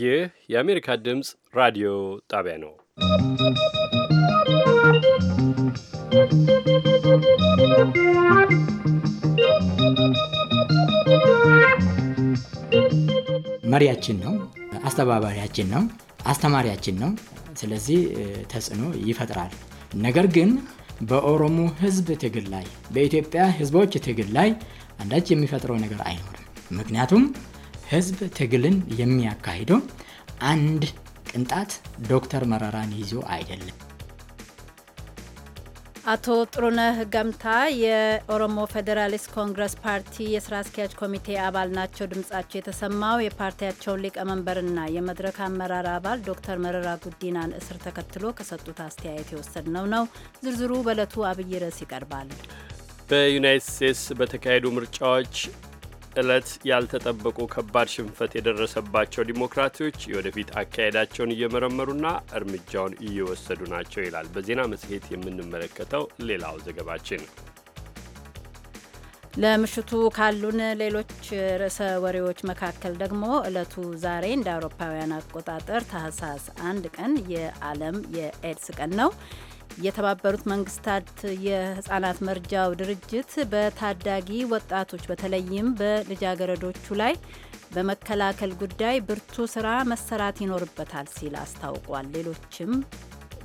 ይህ የአሜሪካ ድምፅ ራዲዮ ጣቢያ ነው። መሪያችን ነው፣ አስተባባሪያችን ነው፣ አስተማሪያችን ነው። ስለዚህ ተጽዕኖ ይፈጥራል። ነገር ግን በኦሮሞ ሕዝብ ትግል ላይ በኢትዮጵያ ሕዝቦች ትግል ላይ አንዳች የሚፈጥረው ነገር አይኖርም። ምክንያቱም ህዝብ ትግልን የሚያካሂደው አንድ ቅንጣት ዶክተር መረራን ይዞ አይደለም። አቶ ጥሩነህ ገምታ የኦሮሞ ፌዴራሊስት ኮንግረስ ፓርቲ የስራ አስኪያጅ ኮሚቴ አባል ናቸው። ድምጻቸው የተሰማው የፓርቲያቸውን ሊቀመንበርና የመድረክ አመራር አባል ዶክተር መረራ ጉዲናን እስር ተከትሎ ከሰጡት አስተያየት የወሰድነው ነው። ዝርዝሩ በዕለቱ አብይ ርዕስ ይቀርባል። በዩናይትድ ስቴትስ በተካሄዱ ምርጫዎች ዕለት ያልተጠበቁ ከባድ ሽንፈት የደረሰባቸው ዲሞክራቶች የወደፊት አካሄዳቸውን እየመረመሩና እርምጃውን እየወሰዱ ናቸው ይላል በዜና መጽሔት የምንመለከተው ሌላው ዘገባችን። ለምሽቱ ካሉን ሌሎች ርዕሰ ወሬዎች መካከል ደግሞ እለቱ ዛሬ እንደ አውሮፓውያን አቆጣጠር ታህሳስ አንድ ቀን የዓለም የኤድስ ቀን ነው። የተባበሩት መንግስታት የህጻናት መርጃው ድርጅት በታዳጊ ወጣቶች በተለይም በልጃገረዶቹ ላይ በመከላከል ጉዳይ ብርቱ ስራ መሰራት ይኖርበታል ሲል አስታውቋል። ሌሎችም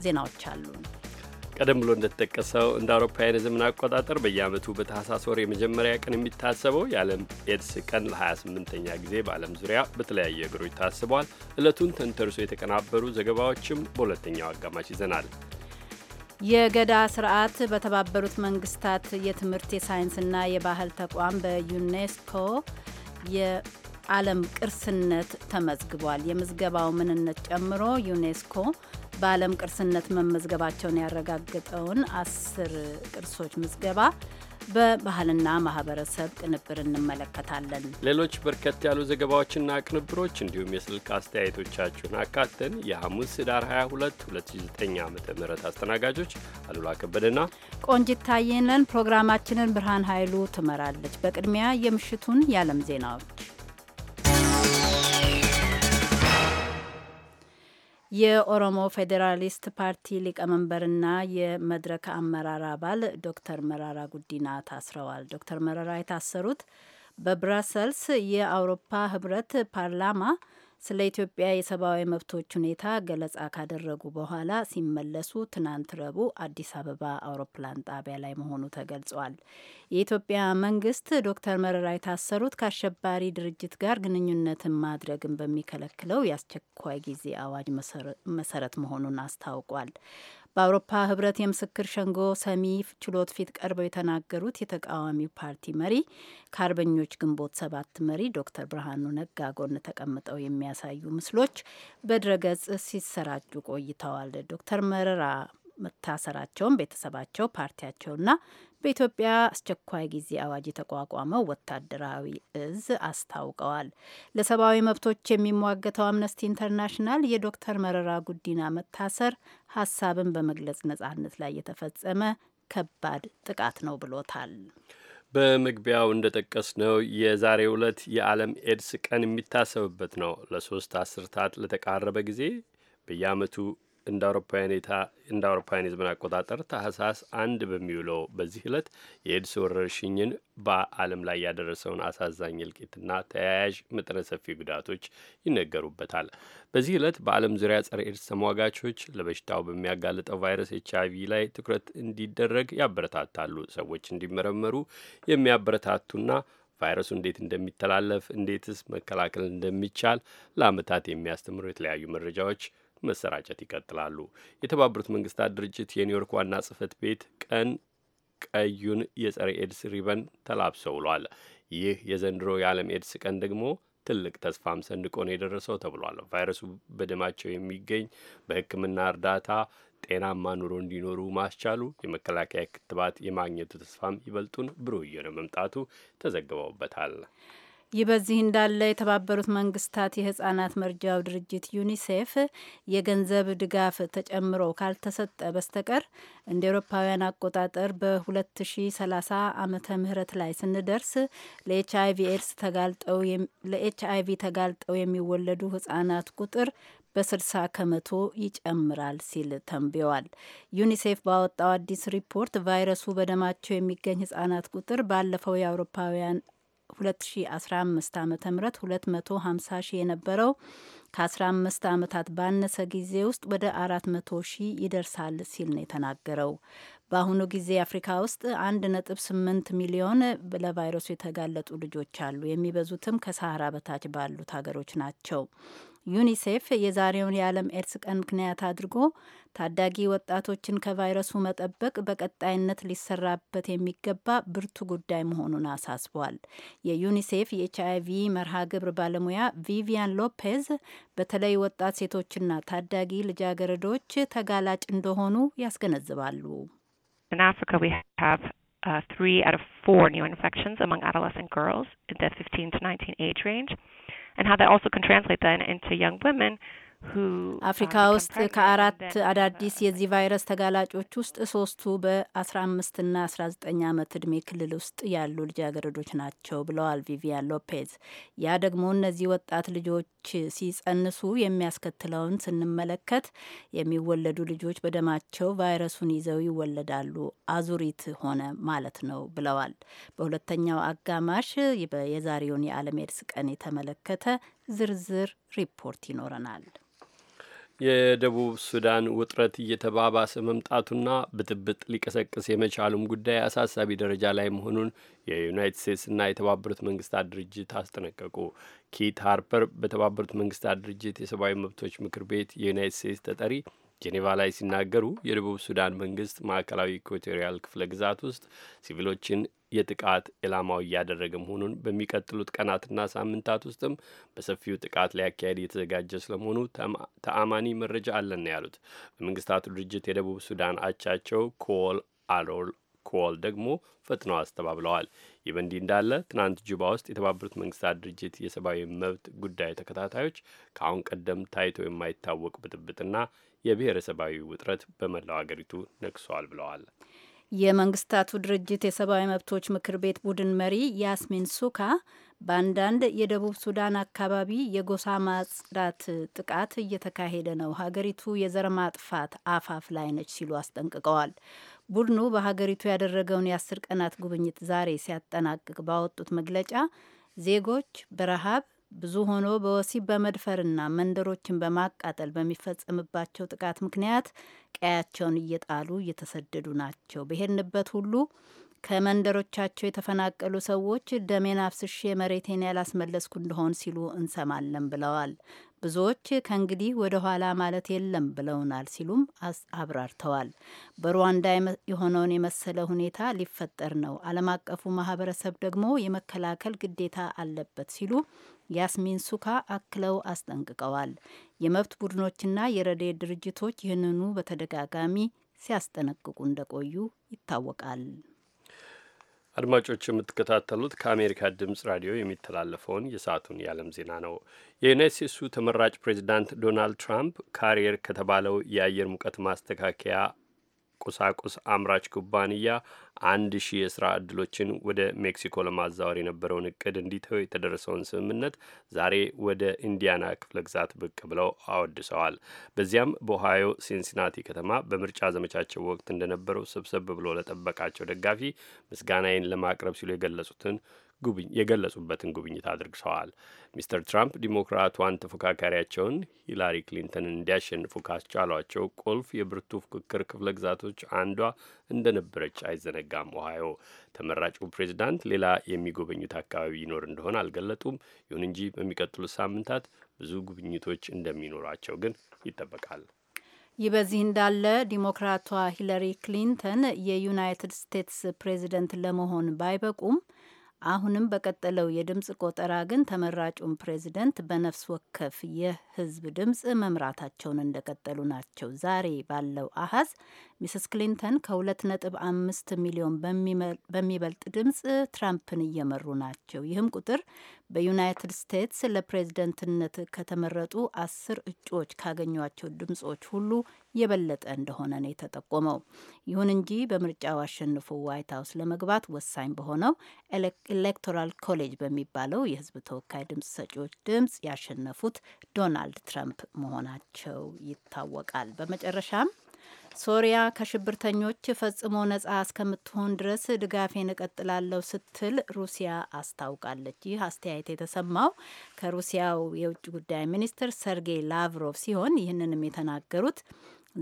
ዜናዎች አሉ። ቀደም ብሎ እንደተጠቀሰው እንደ አውሮፓውያን የዘመን አቆጣጠር በየአመቱ በታህሳስ ወር የመጀመሪያ ቀን የሚታሰበው የዓለም ኤድስ ቀን ለ28ኛ ጊዜ በዓለም ዙሪያ በተለያዩ ሀገሮች ታስቧል። ዕለቱን ተንተርሶ የተቀናበሩ ዘገባዎችም በሁለተኛው አጋማሽ ይዘናል። የገዳ ስርዓት በተባበሩት መንግስታት የትምህርት የሳይንስና የባህል ተቋም በዩኔስኮ የዓለም ቅርስነት ተመዝግቧል። የምዝገባው ምንነት ጨምሮ ዩኔስኮ በዓለም ቅርስነት መመዝገባቸውን ያረጋገጠውን አስር ቅርሶች ምዝገባ በባህልና ማህበረሰብ ቅንብር እንመለከታለን። ሌሎች በርከት ያሉ ዘገባዎችና ቅንብሮች እንዲሁም የስልክ አስተያየቶቻችሁን አካተን የሐሙስ ህዳር 22 2009 ዓ ም አስተናጋጆች አሉላ ከበደና ቆንጂት ታየነን። ፕሮግራማችንን ብርሃን ኃይሉ ትመራለች። በቅድሚያ የምሽቱን የዓለም ዜናዎች የኦሮሞ ፌዴራሊስት ፓርቲ ሊቀመንበርና የመድረክ አመራር አባል ዶክተር መራራ ጉዲና ታስረዋል። ዶክተር መራራ የታሰሩት በብራሰልስ የአውሮፓ ህብረት ፓርላማ ስለ ኢትዮጵያ የሰብአዊ መብቶች ሁኔታ ገለጻ ካደረጉ በኋላ ሲመለሱ ትናንት ረቡዕ አዲስ አበባ አውሮፕላን ጣቢያ ላይ መሆኑ ተገልጿል። የኢትዮጵያ መንግስት ዶክተር መረራ የታሰሩት ከአሸባሪ ድርጅት ጋር ግንኙነትን ማድረግን በሚከለክለው የአስቸኳይ ጊዜ አዋጅ መሰረት መሆኑን አስታውቋል። በአውሮፓ ህብረት የምስክር ሸንጎ ሰሚ ችሎት ፊት ቀርበው የተናገሩት የተቃዋሚው ፓርቲ መሪ ከአርበኞች ግንቦት ሰባት መሪ ዶክተር ብርሃኑ ነጋ ጎን ተቀምጠው የሚያሳዩ ምስሎች በድረገጽ ሲሰራጩ ቆይተዋል። ዶክተር መረራ መታሰራቸውን ቤተሰባቸው ፓርቲያቸውና በኢትዮጵያ አስቸኳይ ጊዜ አዋጅ የተቋቋመው ወታደራዊ እዝ አስታውቀዋል። ለሰብአዊ መብቶች የሚሟገተው አምነስቲ ኢንተርናሽናል የዶክተር መረራ ጉዲና መታሰር ሀሳብን በመግለጽ ነጻነት ላይ የተፈጸመ ከባድ ጥቃት ነው ብሎታል። በመግቢያው እንደጠቀስ ነው የዛሬ ዕለት የዓለም ኤድስ ቀን የሚታሰብበት ነው። ለሶስት አስርታት ለተቃረበ ጊዜ በየዓመቱ እንደ አውሮፓውያን የዘመን አቆጣጠር ታህሳስ አንድ በሚውለው በዚህ ዕለት የኤድስ ወረርሽኝን በዓለም ላይ ያደረሰውን አሳዛኝ እልቂትና ተያያዥ መጠነ ሰፊ ጉዳቶች ይነገሩበታል። በዚህ ዕለት በዓለም ዙሪያ ጸረ ኤድስ ተሟጋቾች ለበሽታው በሚያጋልጠው ቫይረስ ኤች አይቪ ላይ ትኩረት እንዲደረግ ያበረታታሉ። ሰዎች እንዲመረመሩ የሚያበረታቱና ቫይረሱ እንዴት እንደሚተላለፍ እንዴትስ መከላከል እንደሚቻል ለአመታት የሚያስተምሩ የተለያዩ መረጃዎች መሰራጨት ይቀጥላሉ። የተባበሩት መንግስታት ድርጅት የኒውዮርክ ዋና ጽህፈት ቤት ቀን ቀዩን የጸረ ኤድስ ሪበን ተላብሶ ውሏል። ይህ የዘንድሮ የዓለም ኤድስ ቀን ደግሞ ትልቅ ተስፋም ሰንድቆ ነው የደረሰው ተብሏል። ቫይረሱ በደማቸው የሚገኝ በሕክምና እርዳታ ጤናማ ኑሮ እንዲኖሩ ማስቻሉ የመከላከያ ክትባት የማግኘቱ ተስፋም ይበልጡን ብሩህ እየሆነ መምጣቱ ተዘግበውበታል። ይህ በዚህ እንዳለ የተባበሩት መንግስታት የህጻናት መርጃው ድርጅት ዩኒሴፍ የገንዘብ ድጋፍ ተጨምሮ ካልተሰጠ በስተቀር እንደ ኤሮፓውያን አቆጣጠር በ2030 ዓመተ ምህረት ላይ ስንደርስ ለኤች ኤድስ ተጋልጠው ተጋልጠው የሚወለዱ ህጻናት ቁጥር በ60 ከመቶ ይጨምራል ሲል ተንብዋል። ዩኒሴፍ ባወጣው አዲስ ሪፖርት ቫይረሱ በደማቸው የሚገኝ ህጻናት ቁጥር ባለፈው የአውሮፓውያን 2015 ዓ ም 250 ሺህ የነበረው ከ15 ዓመታት ባነሰ ጊዜ ውስጥ ወደ 400 ሺህ ይደርሳል ሲል ነው የተናገረው። በአሁኑ ጊዜ አፍሪካ ውስጥ 1.8 ሚሊዮን ለቫይረሱ የተጋለጡ ልጆች አሉ። የሚበዙትም ከሳህራ በታች ባሉት ሀገሮች ናቸው። ዩኒሴፍ የዛሬውን የዓለም ኤድስ ቀን ምክንያት አድርጎ ታዳጊ ወጣቶችን ከቫይረሱ መጠበቅ በቀጣይነት ሊሰራበት የሚገባ ብርቱ ጉዳይ መሆኑን አሳስቧል። የዩኒሴፍ የኤች ቪ መርሃ ግብር ባለሙያ ቪቪያን ሎፔዝ በተለይ ወጣት ሴቶችና ታዳጊ ልጃገረዶች ተጋላጭ እንደሆኑ ያስገነዝባሉ። and how that also can translate then into young women አፍሪካ ውስጥ ከአራት አዳዲስ የዚህ ቫይረስ ተጋላጮች ውስጥ ሶስቱ በ15 ና 19 ዓመት ዕድሜ ክልል ውስጥ ያሉ ልጃገረዶች ናቸው ብለዋል ቪቪያን ሎፔዝ። ያ ደግሞ እነዚህ ወጣት ልጆች ሲጸንሱ የሚያስከትለውን ስንመለከት የሚወለዱ ልጆች በደማቸው ቫይረሱን ይዘው ይወለዳሉ፣ አዙሪት ሆነ ማለት ነው ብለዋል። በሁለተኛው አጋማሽ የዛሬውን የዓለም ኤድስ ቀን የተመለከተ ዝርዝር ሪፖርት ይኖረናል። የደቡብ ሱዳን ውጥረት እየተባባሰ መምጣቱና ብጥብጥ ሊቀሰቅስ የመቻሉም ጉዳይ አሳሳቢ ደረጃ ላይ መሆኑን የዩናይትድ ስቴትስና የተባበሩት መንግስታት ድርጅት አስጠነቀቁ። ኪት ሃርፐር በተባበሩት መንግስታት ድርጅት የሰብአዊ መብቶች ምክር ቤት የዩናይትድ ስቴትስ ተጠሪ ጄኔቫ ላይ ሲናገሩ የደቡብ ሱዳን መንግስት ማዕከላዊ ኢኳቶሪያል ክፍለ ግዛት ውስጥ ሲቪሎችን የጥቃት ኢላማው እያደረገ መሆኑን በሚቀጥሉት ቀናትና ሳምንታት ውስጥም በሰፊው ጥቃት ሊያካሄድ እየተዘጋጀ ስለመሆኑ ተአማኒ መረጃ አለን ያሉት። በመንግስታቱ ድርጅት የደቡብ ሱዳን አቻቸው ኮል አሎል ኮል ደግሞ ፈጥነው አስተባብለዋል። ይህ በእንዲህ እንዳለ ትናንት ጁባ ውስጥ የተባበሩት መንግስታት ድርጅት የሰብአዊ መብት ጉዳይ ተከታታዮች ከአሁን ቀደም ታይቶ የማይታወቅ ብጥብጥና የብሔረሰባዊ ውጥረት በመላው አገሪቱ ነግሷል ብለዋል። የመንግስታቱ ድርጅት የሰብአዊ መብቶች ምክር ቤት ቡድን መሪ ያስሚን ሱካ በአንዳንድ የደቡብ ሱዳን አካባቢ የጎሳ ማጽዳት ጥቃት እየተካሄደ ነው፣ ሀገሪቱ የዘር ማጥፋት አፋፍ ላይ ነች ሲሉ አስጠንቅቀዋል። ቡድኑ በሀገሪቱ ያደረገውን የአስር ቀናት ጉብኝት ዛሬ ሲያጠናቅቅ ባወጡት መግለጫ ዜጎች በረሃብ ብዙ ሆኖ በወሲብ በመድፈርና መንደሮችን በማቃጠል በሚፈጸምባቸው ጥቃት ምክንያት ቀያቸውን እየጣሉ እየተሰደዱ ናቸው። በሄድንበት ሁሉ ከመንደሮቻቸው የተፈናቀሉ ሰዎች ደሜን አፍስሼ መሬቴን ያላስመለስኩ እንደሆን ሲሉ እንሰማለን ብለዋል። ብዙዎች ከእንግዲህ ወደ ኋላ ማለት የለም ብለውናል ሲሉም አብራርተዋል። በሩዋንዳ የሆነውን የመሰለ ሁኔታ ሊፈጠር ነው፣ ዓለም አቀፉ ማህበረሰብ ደግሞ የመከላከል ግዴታ አለበት ሲሉ ያስሚን ሱካ አክለው አስጠንቅቀዋል። የመብት ቡድኖችና የረድኤት ድርጅቶች ይህንኑ በተደጋጋሚ ሲያስጠነቅቁ እንደቆዩ ይታወቃል። አድማጮች የምትከታተሉት ከአሜሪካ ድምፅ ራዲዮ የሚተላለፈውን የሰዓቱን የዓለም ዜና ነው። የዩናይት ስቴትሱ ተመራጭ ፕሬዚዳንት ዶናልድ ትራምፕ ካሪየር ከተባለው የአየር ሙቀት ማስተካከያ ቁሳቁስ አምራች ኩባንያ አንድ ሺህ የስራ እድሎችን ወደ ሜክሲኮ ለማዛወር የነበረውን እቅድ እንዲተው የተደረሰውን ስምምነት ዛሬ ወደ ኢንዲያና ክፍለ ግዛት ብቅ ብለው አወድሰዋል። በዚያም በኦሃዮ ሲንሲናቲ ከተማ በምርጫ ዘመቻቸው ወቅት እንደነበረው ሰብሰብ ብሎ ለጠበቃቸው ደጋፊ ምስጋናዬን ለማቅረብ ሲሉ የገለጹትን የገለጹበትን ጉብኝት አድርግሰዋል። ሚስተር ትራምፕ ዲሞክራቷን ተፎካካሪያቸውን ሂላሪ ክሊንተንን እንዲያሸንፉ ካስቻሏቸው ቁልፍ የብርቱ ፉክክር ክፍለ ግዛቶች አንዷ እንደነበረች አይዘነጋም። ኦሃዮ ተመራጩ ፕሬዚዳንት ሌላ የሚጎበኙት አካባቢ ይኖር እንደሆነ አልገለጡም። ይሁን እንጂ በሚቀጥሉት ሳምንታት ብዙ ጉብኝቶች እንደሚኖሯቸው ግን ይጠበቃል። ይህ በዚህ እንዳለ ዲሞክራቷ ሂለሪ ክሊንተን የዩናይትድ ስቴትስ ፕሬዚደንት ለመሆን ባይበቁም አሁንም በቀጠለው የድምፅ ቆጠራ ግን ተመራጩን ፕሬዚደንት በነፍስ ወከፍ የህዝብ ድምፅ መምራታቸውን እንደቀጠሉ ናቸው። ዛሬ ባለው አሀዝ ሚስስ ክሊንተን ከ2.5 ሚሊዮን በሚበልጥ ድምፅ ትራምፕን እየመሩ ናቸው። ይህም ቁጥር በዩናይትድ ስቴትስ ለፕሬዝደንትነት ከተመረጡ አስር እጩዎች ካገኟቸው ድምጾች ሁሉ የበለጠ እንደሆነ ነው የተጠቆመው። ይሁን እንጂ በምርጫው አሸንፎ ዋይት ሀውስ ለመግባት ወሳኝ በሆነው ኤሌክቶራል ኮሌጅ በሚባለው የህዝብ ተወካይ ድምፅ ሰጪዎች ድምፅ ያሸነፉት ዶናልድ ትራምፕ መሆናቸው ይታወቃል። በመጨረሻም ሶሪያ ከሽብርተኞች ፈጽሞ ነጻ እስከምትሆን ድረስ ድጋፌን እቀጥላለሁ ስትል ሩሲያ አስታውቃለች። ይህ አስተያየት የተሰማው ከሩሲያው የውጭ ጉዳይ ሚኒስትር ሰርጌይ ላቭሮቭ ሲሆን ይህንንም የተናገሩት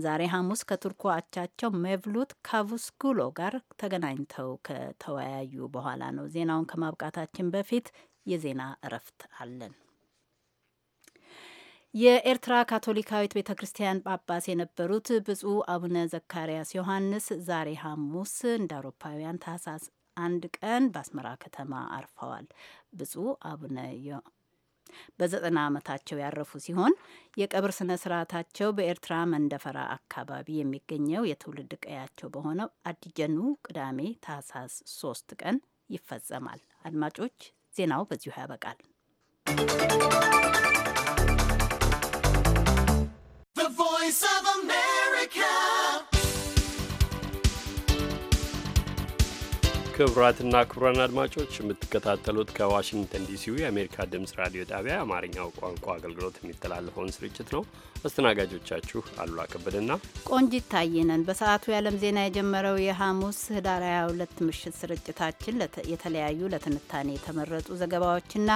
ዛሬ ሐሙስ ከቱርኩ አቻቸው ሜቭሉት ካቡስጉሎ ጋር ተገናኝተው ከተወያዩ በኋላ ነው። ዜናውን ከማብቃታችን በፊት የዜና እረፍት አለን። የኤርትራ ካቶሊካዊት ቤተ ክርስቲያን ጳጳስ የነበሩት ብፁዕ አቡነ ዘካርያስ ዮሐንስ ዛሬ ሐሙስ እንደ አውሮፓውያን ታህሳስ አንድ ቀን በአስመራ ከተማ አርፈዋል። ብፁዕ አቡነ በዘጠና ዓመታቸው ያረፉ ሲሆን የቀብር ስነ ስርዓታቸው በኤርትራ መንደፈራ አካባቢ የሚገኘው የትውልድ ቀያቸው በሆነው አዲጀኑ ቅዳሜ ታህሳስ ሶስት ቀን ይፈጸማል። አድማጮች ዜናው በዚሁ ያበቃል። The Voice of America ክቡራትና ክቡራን አድማጮች የምትከታተሉት ከዋሽንግተን ዲሲው የአሜሪካ ድምፅ ራዲዮ ጣቢያ የአማርኛው ቋንቋ አገልግሎት የሚተላለፈውን ስርጭት ነው። አስተናጋጆቻችሁ አሉላ ከበደና ቆንጂት ታየነን። በሰዓቱ የዓለም ዜና የጀመረው የሐሙስ ህዳር 22 ምሽት ስርጭታችን የተለያዩ ለትንታኔ የተመረጡ ዘገባዎችና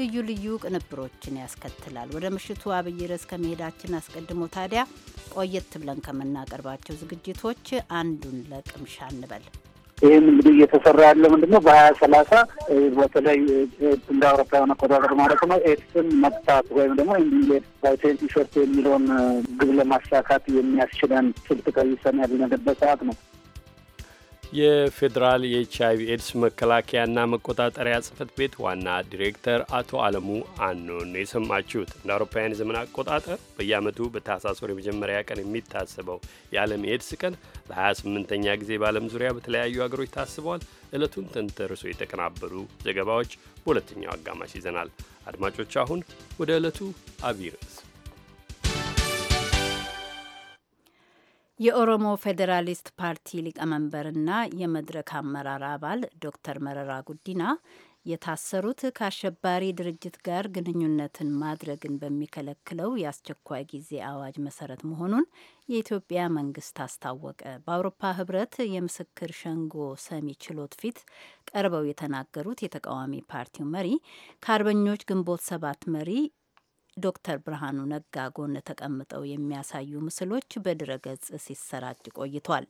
ልዩ ልዩ ቅንብሮችን ያስከትላል። ወደ ምሽቱ አብይ ርዕስ ከመሄዳችን አስቀድሞ ታዲያ ቆየት ብለን ከምናቀርባቸው ዝግጅቶች አንዱን ለቅምሻ እንበል። ይህም እንግዲህ እየተሰራ ያለ ምንድን ነው በሀያ ሰላሳ በተለይ እንደ አውሮፓውያን አቆጣጠር ማለት ነው ኤድስን መቅጣት ወይም ደግሞ ኢንዲሌት ሾርት የሚለውን ግብ ለማሳካት የሚያስችለን ስልት ቀይሰን ያለንበት ሰዓት ነው። የፌዴራል የኤች አይቪ ኤድስ መከላከያና መቆጣጠሪያ ጽህፈት ቤት ዋና ዲሬክተር አቶ አለሙ አኖን የሰማችሁት። እንደ አውሮፓውያን የዘመን አቆጣጠር በየዓመቱ በታህሳስ ወር የመጀመሪያ ቀን የሚታሰበው የዓለም ኤድስ ቀን ለ28ኛ ጊዜ በዓለም ዙሪያ በተለያዩ ሀገሮች ታስበዋል። ዕለቱን ተንተርሶ የተቀናበሩ ዘገባዎች በሁለተኛው አጋማሽ ይዘናል። አድማጮች አሁን ወደ ዕለቱ አብይ ርዕስ የኦሮሞ ፌዴራሊስት ፓርቲ ሊቀመንበርና የመድረክ አመራር አባል ዶክተር መረራ ጉዲና የታሰሩት ከአሸባሪ ድርጅት ጋር ግንኙነትን ማድረግን በሚከለክለው የአስቸኳይ ጊዜ አዋጅ መሰረት መሆኑን የኢትዮጵያ መንግስት አስታወቀ። በአውሮፓ ህብረት የምስክር ሸንጎ ሰሚ ችሎት ፊት ቀርበው የተናገሩት የተቃዋሚ ፓርቲው መሪ ከአርበኞች ግንቦት ሰባት መሪ ዶክተር ብርሃኑ ነጋ ጎን ተቀምጠው የሚያሳዩ ምስሎች በድረገጽ ሲሰራጭ ቆይቷል።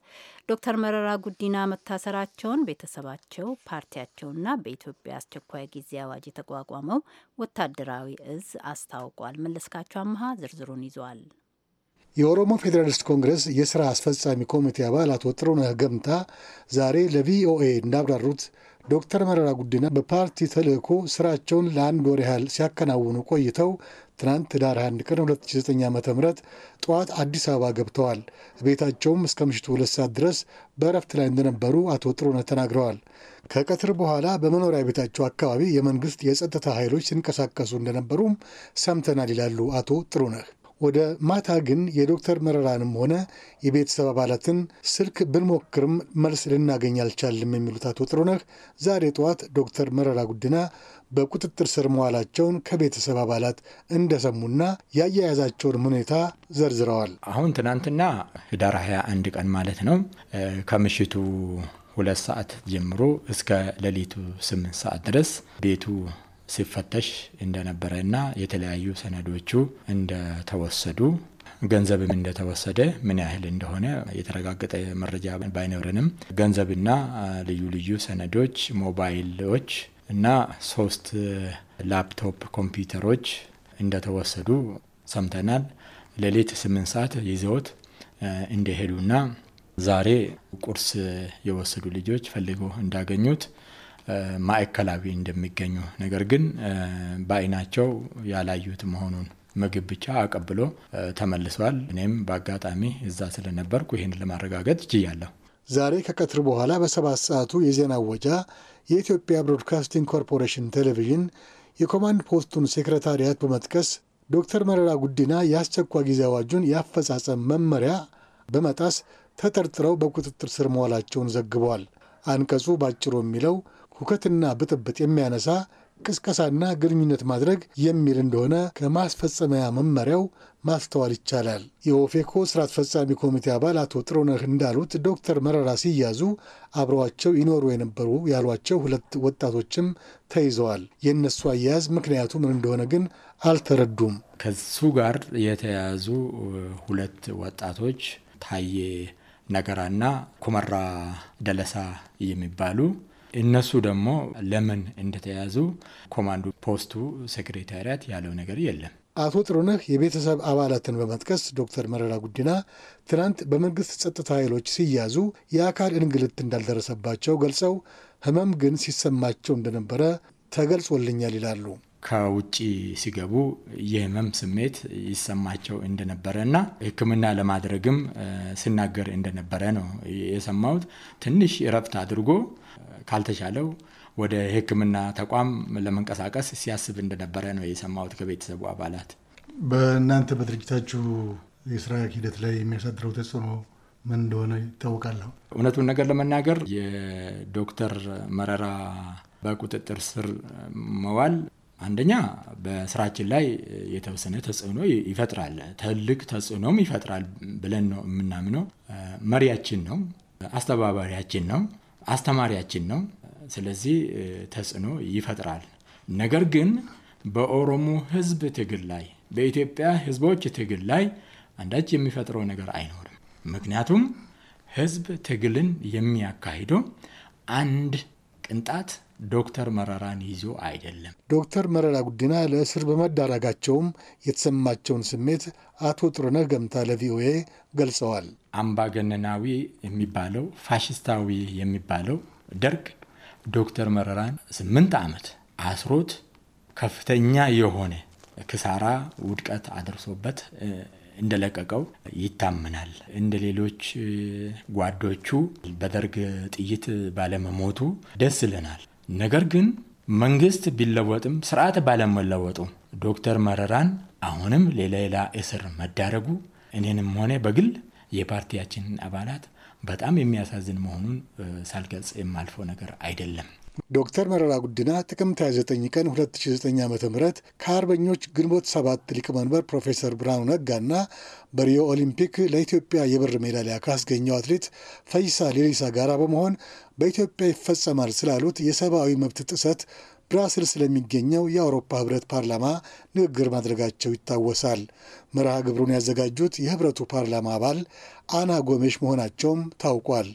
ዶክተር መረራ ጉዲና መታሰራቸውን ቤተሰባቸው፣ ፓርቲያቸውና በኢትዮጵያ አስቸኳይ ጊዜ አዋጅ የተቋቋመው ወታደራዊ እዝ አስታውቋል። መለስካቸው አመሃ ዝርዝሩን ይዟል። የኦሮሞ ፌዴራሊስት ኮንግረስ የሥራ አስፈጻሚ ኮሚቴ አባል አቶ ጥሩነህ ገምታ ዛሬ ለቪኦኤ እንዳብራሩት ዶክተር መረራ ጉዲና በፓርቲ ተልእኮ ስራቸውን ለአንድ ወር ያህል ሲያከናውኑ ቆይተው ትናንት ህዳር 21 ቀን 2009 ዓ ም ጠዋት አዲስ አበባ ገብተዋል። ቤታቸውም እስከ ምሽቱ ሁለት ሰዓት ድረስ በእረፍት ላይ እንደነበሩ አቶ ጥሩነህ ተናግረዋል። ከቀትር በኋላ በመኖሪያ ቤታቸው አካባቢ የመንግስት የጸጥታ ኃይሎች ሲንቀሳቀሱ እንደነበሩም ሰምተናል ይላሉ አቶ ጥሩነህ። ወደ ማታ ግን የዶክተር መረራንም ሆነ የቤተሰብ አባላትን ስልክ ብንሞክርም መልስ ልናገኝ አልቻልም የሚሉት አቶ ጥሩነህ ዛሬ ጠዋት ዶክተር መረራ ጉዲና በቁጥጥር ስር መዋላቸውን ከቤተሰብ አባላት እንደሰሙና የአያያዛቸውን ሁኔታ ዘርዝረዋል። አሁን ትናንትና ህዳር 21 ቀን ማለት ነው ከምሽቱ ሁለት ሰዓት ጀምሮ እስከ ሌሊቱ ስምንት ሰዓት ድረስ ቤቱ ሲፈተሽ እንደነበረ እና የተለያዩ ሰነዶቹ እንደተወሰዱ ገንዘብም እንደተወሰደ ምን ያህል እንደሆነ የተረጋገጠ መረጃ ባይኖረንም ገንዘብና ልዩ ልዩ ሰነዶች፣ ሞባይሎች እና ሶስት ላፕቶፕ ኮምፒውተሮች እንደተወሰዱ ሰምተናል። ሌሊት ስምንት ሰዓት ይዘውት እንደሄዱና ዛሬ ቁርስ የወሰዱ ልጆች ፈልገው እንዳገኙት ማዕከላዊ እንደሚገኙ ነገር ግን በአይናቸው ያላዩት መሆኑን ምግብ ብቻ አቀብሎ ተመልሷል። እኔም በአጋጣሚ እዛ ስለነበርኩ ይህን ለማረጋገጥ ችያለሁ። ዛሬ ከቀትር በኋላ በሰባት ሰዓቱ የዜና ወጃ የኢትዮጵያ ብሮድካስቲንግ ኮርፖሬሽን ቴሌቪዥን የኮማንድ ፖስቱን ሴክረታሪያት በመጥቀስ ዶክተር መረራ ጉዲና የአስቸኳይ ጊዜ አዋጁን የአፈጻጸም መመሪያ በመጣስ ተጠርጥረው በቁጥጥር ስር መዋላቸውን ዘግቧል። አንቀጹ ባጭሩ የሚለው ሁከትና ብጥብጥ የሚያነሳ ቅስቀሳና ግንኙነት ማድረግ የሚል እንደሆነ ከማስፈጸሚያ መመሪያው ማስተዋል ይቻላል። የኦፌኮ ስራ አስፈጻሚ ኮሚቴ አባል አቶ ጥሩነህ እንዳሉት ዶክተር መረራ ሲያዙ አብረዋቸው ይኖሩ የነበሩ ያሏቸው ሁለት ወጣቶችም ተይዘዋል። የእነሱ አያያዝ ምክንያቱ ምን እንደሆነ ግን አልተረዱም። ከሱ ጋር የተያያዙ ሁለት ወጣቶች ታዬ ነገራና ኩመራ ደለሳ የሚባሉ እነሱ ደግሞ ለምን እንደተያዙ ኮማንዶ ፖስቱ ሴክሬታሪያት ያለው ነገር የለም። አቶ ጥሩነህ የቤተሰብ አባላትን በመጥቀስ ዶክተር መረራ ጉዲና ትናንት በመንግስት ጸጥታ ኃይሎች ሲያዙ የአካል እንግልት እንዳልደረሰባቸው ገልጸው ህመም ግን ሲሰማቸው እንደነበረ ተገልጾልኛል ይላሉ። ከውጭ ሲገቡ የህመም ስሜት ይሰማቸው እንደነበረ እና ሕክምና ለማድረግም ሲናገር እንደነበረ ነው የሰማሁት። ትንሽ እረፍት አድርጎ ካልተሻለው ወደ ህክምና ተቋም ለመንቀሳቀስ ሲያስብ እንደነበረ ነው የሰማሁት ከቤተሰቡ አባላት። በእናንተ በድርጅታችሁ የስራ ሂደት ላይ የሚያሳድረው ተጽዕኖ ምን እንደሆነ ይታወቃል? እውነቱን ነገር ለመናገር የዶክተር መረራ በቁጥጥር ስር መዋል አንደኛ በስራችን ላይ የተወሰነ ተጽዕኖ ይፈጥራል፣ ትልቅ ተጽዕኖም ይፈጥራል ብለን ነው የምናምነው። መሪያችን ነው፣ አስተባባሪያችን ነው። አስተማሪያችን ነው። ስለዚህ ተጽዕኖ ይፈጥራል። ነገር ግን በኦሮሞ ህዝብ ትግል ላይ በኢትዮጵያ ህዝቦች ትግል ላይ አንዳች የሚፈጥረው ነገር አይኖርም። ምክንያቱም ህዝብ ትግልን የሚያካሂደው አንድ ቅንጣት ዶክተር መረራን ይዞ አይደለም። ዶክተር መረራ ጉዲና ለእስር በመዳረጋቸውም የተሰማቸውን ስሜት አቶ ጥሩነህ ገምታ ለቪኦኤ ገልጸዋል። አምባገነናዊ የሚባለው ፋሽስታዊ የሚባለው ደርግ ዶክተር መረራን ስምንት ዓመት አስሮት ከፍተኛ የሆነ ክሳራ ውድቀት አድርሶበት እንደለቀቀው ይታመናል። እንደ ሌሎች ጓዶቹ በደርግ ጥይት ባለመሞቱ ደስ ይለናል። ነገር ግን መንግስት ቢለወጥም ስርዓት ባለመለወጡ ዶክተር መረራን አሁንም ለሌላ እስር መዳረጉ እኔንም ሆነ በግል የፓርቲያችንን አባላት በጣም የሚያሳዝን መሆኑን ሳልገልጽ የማልፈው ነገር አይደለም። ዶክተር መረራ ጉዲና ጥቅምት 29 ቀን 2009 ዓ ም ከአርበኞች ግንቦት ሰባት ሊቀመንበር ፕሮፌሰር ብርሃኑ ነጋና በሪዮ ኦሊምፒክ ለኢትዮጵያ የብር ሜዳሊያ ካስገኘው አትሌት ፈይሳ ሌሊሳ ጋር በመሆን በኢትዮጵያ ይፈጸማል ስላሉት የሰብአዊ መብት ጥሰት ብራስልስ ስለሚገኘው የአውሮፓ ህብረት ፓርላማ ንግግር ማድረጋቸው ይታወሳል። መርሃ ግብሩን ያዘጋጁት የህብረቱ ፓርላማ አባል አና ጎሜሽ መሆናቸውም ታውቋል።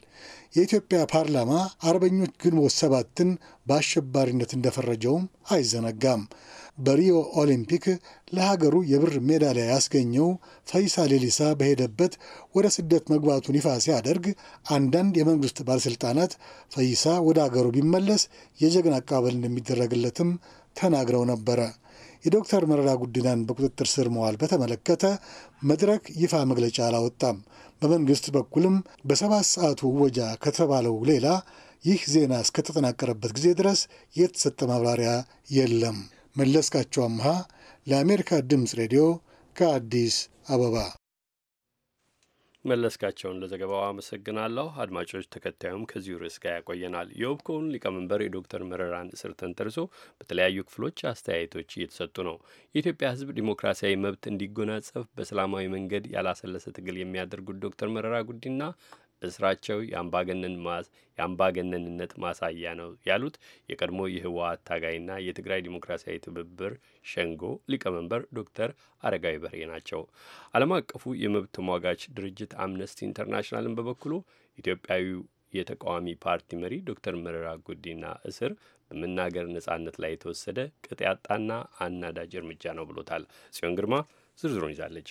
የኢትዮጵያ ፓርላማ አርበኞች ግንቦት ሰባትን በአሸባሪነት እንደፈረጀውም አይዘነጋም። በሪዮ ኦሊምፒክ ለሀገሩ የብር ሜዳሊያ ያስገኘው ፈይሳ ሌሊሳ በሄደበት ወደ ስደት መግባቱን ይፋ ሲያደርግ አንዳንድ የመንግስት ባለሥልጣናት ፈይሳ ወደ ሀገሩ ቢመለስ የጀግና አቀባበል እንደሚደረግለትም ተናግረው ነበረ። የዶክተር መረራ ጉዲናን በቁጥጥር ስር መዋል በተመለከተ መድረክ ይፋ መግለጫ አላወጣም። በመንግስት በኩልም በሰባት ሰዓቱ እወጃ ከተባለው ሌላ ይህ ዜና እስከተጠናቀረበት ጊዜ ድረስ የተሰጠ ማብራሪያ የለም። መለስካቸው አምሃ ለአሜሪካ ድምፅ ሬዲዮ ከአዲስ አበባ። መለስካቸውን ለዘገባው አመሰግናለሁ። አድማጮች፣ ተከታዩም ከዚሁ ርዕስ ጋር ያቆየናል። የኦብኮውን ሊቀመንበር የዶክተር መረራን እስር ተንተርሶ በተለያዩ ክፍሎች አስተያየቶች እየተሰጡ ነው። የኢትዮጵያ ሕዝብ ዲሞክራሲያዊ መብት እንዲጎናጸፍ በሰላማዊ መንገድ ያላሰለሰ ትግል የሚያደርጉት ዶክተር መረራ ጉዲና እስራቸው የአምባገነንነት ማሳያ ነው ያሉት የቀድሞ የህወሓት ታጋይና የትግራይ ዲሞክራሲያዊ ትብብር ሸንጎ ሊቀመንበር ዶክተር አረጋዊ በርሄ ናቸው። ዓለም አቀፉ የመብት ተሟጋች ድርጅት አምነስቲ ኢንተርናሽናልን በበኩሉ ኢትዮጵያዊው የተቃዋሚ ፓርቲ መሪ ዶክተር መረራ ጉዲና እስር በመናገር ነጻነት ላይ የተወሰደ ቅጥ ያጣና አናዳጅ እርምጃ ነው ብሎታል። ጽዮን ግርማ ዝርዝሩን ይዛለች።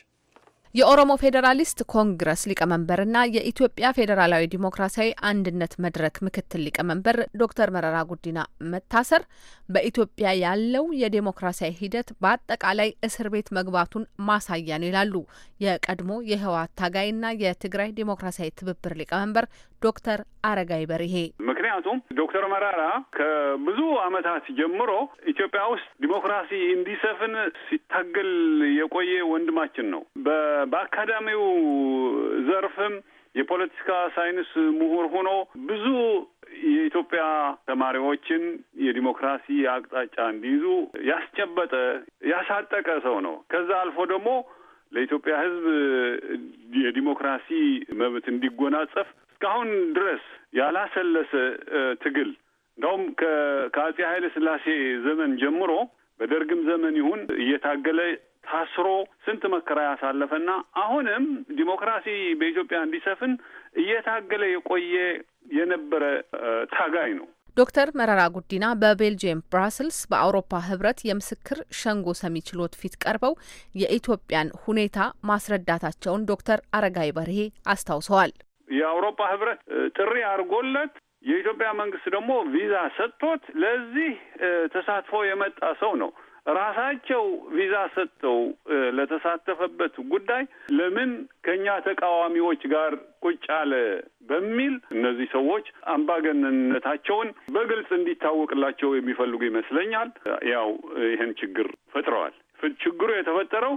የኦሮሞ ፌዴራሊስት ኮንግረስ ሊቀመንበርና የኢትዮጵያ ፌዴራላዊ ዲሞክራሲያዊ አንድነት መድረክ ምክትል ሊቀመንበር ዶክተር መረራ ጉዲና መታሰር በኢትዮጵያ ያለው የዴሞክራሲያዊ ሂደት በአጠቃላይ እስር ቤት መግባቱን ማሳያ ነው ይላሉ የቀድሞ የህወሓት ታጋይና የትግራይ ዴሞክራሲያዊ ትብብር ሊቀመንበር ዶክተር አረጋይ በርሄ። ምክንያቱም ዶክተር መራራ ከብዙ ዓመታት ጀምሮ ኢትዮጵያ ውስጥ ዲሞክራሲ እንዲሰፍን ሲታገል የቆየ ወንድማችን ነው። በአካዳሚው ዘርፍም የፖለቲካ ሳይንስ ምሁር ሆኖ ብዙ የኢትዮጵያ ተማሪዎችን የዲሞክራሲ አቅጣጫ እንዲይዙ ያስጨበጠ ያሳጠቀ ሰው ነው። ከዛ አልፎ ደግሞ ለኢትዮጵያ ሕዝብ የዲሞክራሲ መብት እንዲጎናጸፍ እስካሁን ድረስ ያላሰለሰ ትግል እንደውም ከአጼ ኃይለ ስላሴ ዘመን ጀምሮ በደርግም ዘመን ይሁን እየታገለ ታስሮ ስንት መከራ ያሳለፈና አሁንም ዲሞክራሲ በኢትዮጵያ እንዲሰፍን እየታገለ የቆየ የነበረ ታጋይ ነው። ዶክተር መረራ ጉዲና በቤልጅየም ብራስልስ በአውሮፓ ህብረት የምስክር ሸንጎ ሰሚ ችሎት ፊት ቀርበው የኢትዮጵያን ሁኔታ ማስረዳታቸውን ዶክተር አረጋይ በርሄ አስታውሰዋል። የአውሮፓ ህብረት ጥሪ አድርጎለት የኢትዮጵያ መንግስት ደግሞ ቪዛ ሰጥቶት ለዚህ ተሳትፎ የመጣ ሰው ነው። ራሳቸው ቪዛ ሰጥተው ለተሳተፈበት ጉዳይ ለምን ከእኛ ተቃዋሚዎች ጋር ቁጭ አለ በሚል እነዚህ ሰዎች አምባገነንነታቸውን በግልጽ እንዲታወቅላቸው የሚፈልጉ ይመስለኛል። ያው ይህን ችግር ፈጥረዋል። ችግሩ የተፈጠረው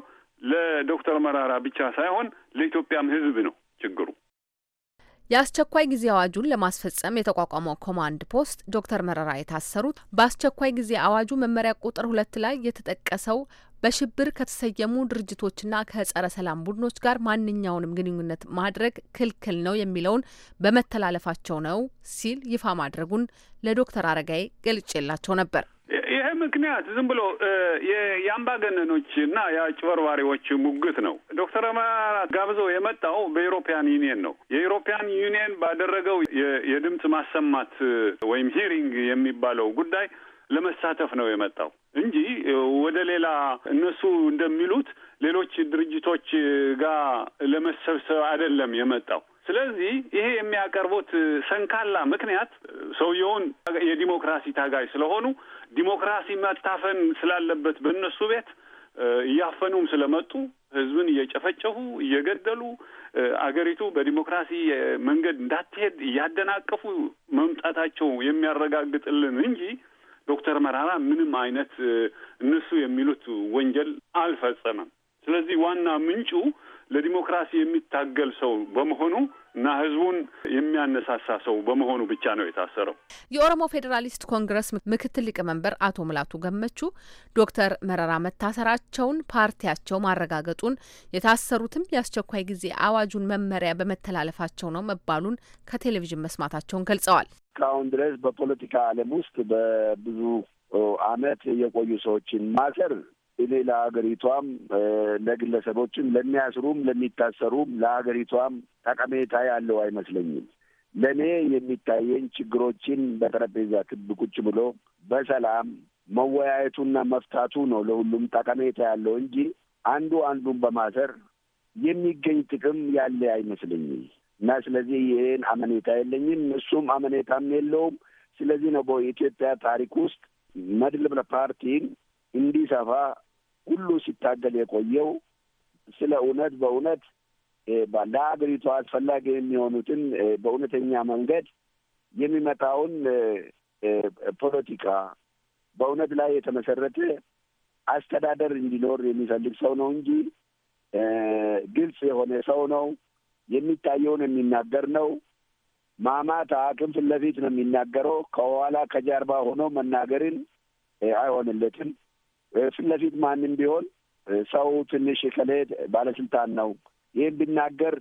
ለዶክተር መራራ ብቻ ሳይሆን ለኢትዮጵያም ህዝብ ነው ችግሩ። የአስቸኳይ ጊዜ አዋጁን ለማስፈጸም የተቋቋመው ኮማንድ ፖስት ዶክተር መረራ የታሰሩት በአስቸኳይ ጊዜ አዋጁ መመሪያ ቁጥር ሁለት ላይ የተጠቀሰው በሽብር ከተሰየሙ ድርጅቶችና ከጸረ ሰላም ቡድኖች ጋር ማንኛውንም ግንኙነት ማድረግ ክልክል ነው የሚለውን በመተላለፋቸው ነው ሲል ይፋ ማድረጉን ለዶክተር አረጋይ ገልጬላቸው ነበር። ይሄ ምክንያት ዝም ብሎ የአምባገነኖች እና የአጭበርባሪዎች ሙግት ነው። ዶክተር አማራት ጋብዞ የመጣው በኢሮፒያን ዩኒየን ነው። የኢሮፒያን ዩኒየን ባደረገው የድምፅ ማሰማት ወይም ሂሪንግ የሚባለው ጉዳይ ለመሳተፍ ነው የመጣው። እንጂ ወደ ሌላ እነሱ እንደሚሉት ሌሎች ድርጅቶች ጋር ለመሰብሰብ አይደለም የመጣው። ስለዚህ ይሄ የሚያቀርቡት ሰንካላ ምክንያት ሰውየውን የዲሞክራሲ ታጋይ ስለሆኑ ዲሞክራሲ መታፈን ስላለበት በእነሱ ቤት እያፈኑም ስለመጡ ህዝብን እየጨፈጨፉ እየገደሉ አገሪቱ በዲሞክራሲ መንገድ እንዳትሄድ እያደናቀፉ መምጣታቸው የሚያረጋግጥልን እንጂ ዶክተር መራራ ምንም አይነት እነሱ የሚሉት ወንጀል አልፈጸመም። ስለዚህ ዋና ምንጩ ለዲሞክራሲ የሚታገል ሰው በመሆኑ እና ህዝቡን የሚያነሳሳ ሰው በመሆኑ ብቻ ነው የታሰረው። የኦሮሞ ፌዴራሊስት ኮንግረስ ምክትል ሊቀመንበር አቶ ምላቱ ገመቹ ዶክተር መረራ መታሰራቸውን ፓርቲያቸው ማረጋገጡን የታሰሩትም የአስቸኳይ ጊዜ አዋጁን መመሪያ በመተላለፋቸው ነው መባሉን ከቴሌቪዥን መስማታቸውን ገልጸዋል። እስካሁን ድረስ በፖለቲካ ዓለም ውስጥ በብዙ አመት የቆዩ ሰዎችን ማሰር እኔ ለሀገሪቷም፣ ለግለሰቦችም፣ ለሚያስሩም፣ ለሚታሰሩም ለሀገሪቷም ጠቀሜታ ያለው አይመስለኝም። ለእኔ የሚታየኝ ችግሮችን በጠረጴዛ ትብቁጭ ብሎ በሰላም መወያየቱና መፍታቱ ነው ለሁሉም ጠቀሜታ ያለው እንጂ አንዱ አንዱን በማሰር የሚገኝ ጥቅም ያለ አይመስለኝም። እና ስለዚህ ይህን አመኔታ የለኝም፣ እሱም አመኔታም የለውም። ስለዚህ ነው በኢትዮጵያ ታሪክ ውስጥ መድብለ ፓርቲን እንዲሰፋ ሁሉ ሲታገል የቆየው ስለ እውነት በእውነት ለሀገሪቷ አስፈላጊ የሚሆኑትን በእውነተኛ መንገድ የሚመጣውን ፖለቲካ በእውነት ላይ የተመሰረተ አስተዳደር እንዲኖር የሚፈልግ ሰው ነው እንጂ ግልጽ የሆነ ሰው ነው። የሚታየውን የሚናገር ነው። ማማት አቅም ፊት ለፊት ነው የሚናገረው። ከኋላ ከጀርባ ሆኖ መናገርን አይሆንለትም። ፊት ለፊት ማንም ቢሆን ሰው ትንሽ ከሌ ባለስልጣን ነው ይህን ብናገር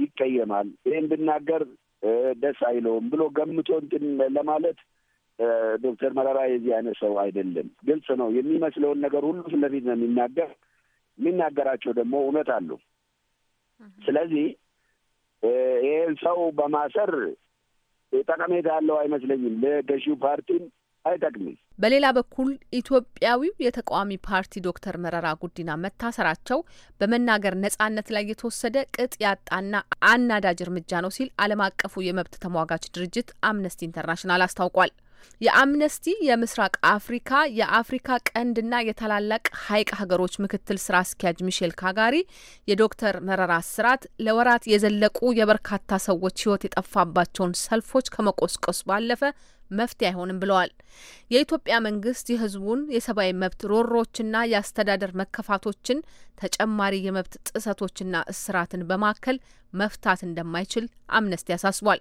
ይቀየማል፣ ይህን ብናገር ደስ አይለውም ብሎ ገምቶ እንትን ለማለት ዶክተር መረራ የዚህ አይነት ሰው አይደለም። ግልጽ ነው። የሚመስለውን ነገር ሁሉ ፊት ለፊት ነው የሚናገር። የሚናገራቸው ደግሞ እውነት አለው። ስለዚህ ይህን ሰው በማሰር ጠቀሜታ ያለው አይመስለኝም። ለገዢው ፓርቲም አይጠቅምም። በሌላ በኩል ኢትዮጵያዊው የተቃዋሚ ፓርቲ ዶክተር መረራ ጉዲና መታሰራቸው በመናገር ነጻነት ላይ የተወሰደ ቅጥ ያጣና አናዳጅ እርምጃ ነው ሲል ዓለም አቀፉ የመብት ተሟጋች ድርጅት አምነስቲ ኢንተርናሽናል አስታውቋል። የአምነስቲ የምስራቅ አፍሪካ የአፍሪካ ቀንድና የታላላቅ ሐይቅ ሀገሮች ምክትል ስራ አስኪያጅ ሚሼል ካጋሪ የዶክተር መረራ እስራት ለወራት የዘለቁ የበርካታ ሰዎች ህይወት የጠፋባቸውን ሰልፎች ከመቆስቆስ ባለፈ መፍትሄ አይሆንም ብለዋል። የኢትዮጵያ መንግስት የህዝቡን የሰብአዊ መብት ሮሮዎችና የአስተዳደር መከፋቶችን ተጨማሪ የመብት ጥሰቶችና እስራትን በማከል መፍታት እንደማይችል አምነስቲ አሳስቧል።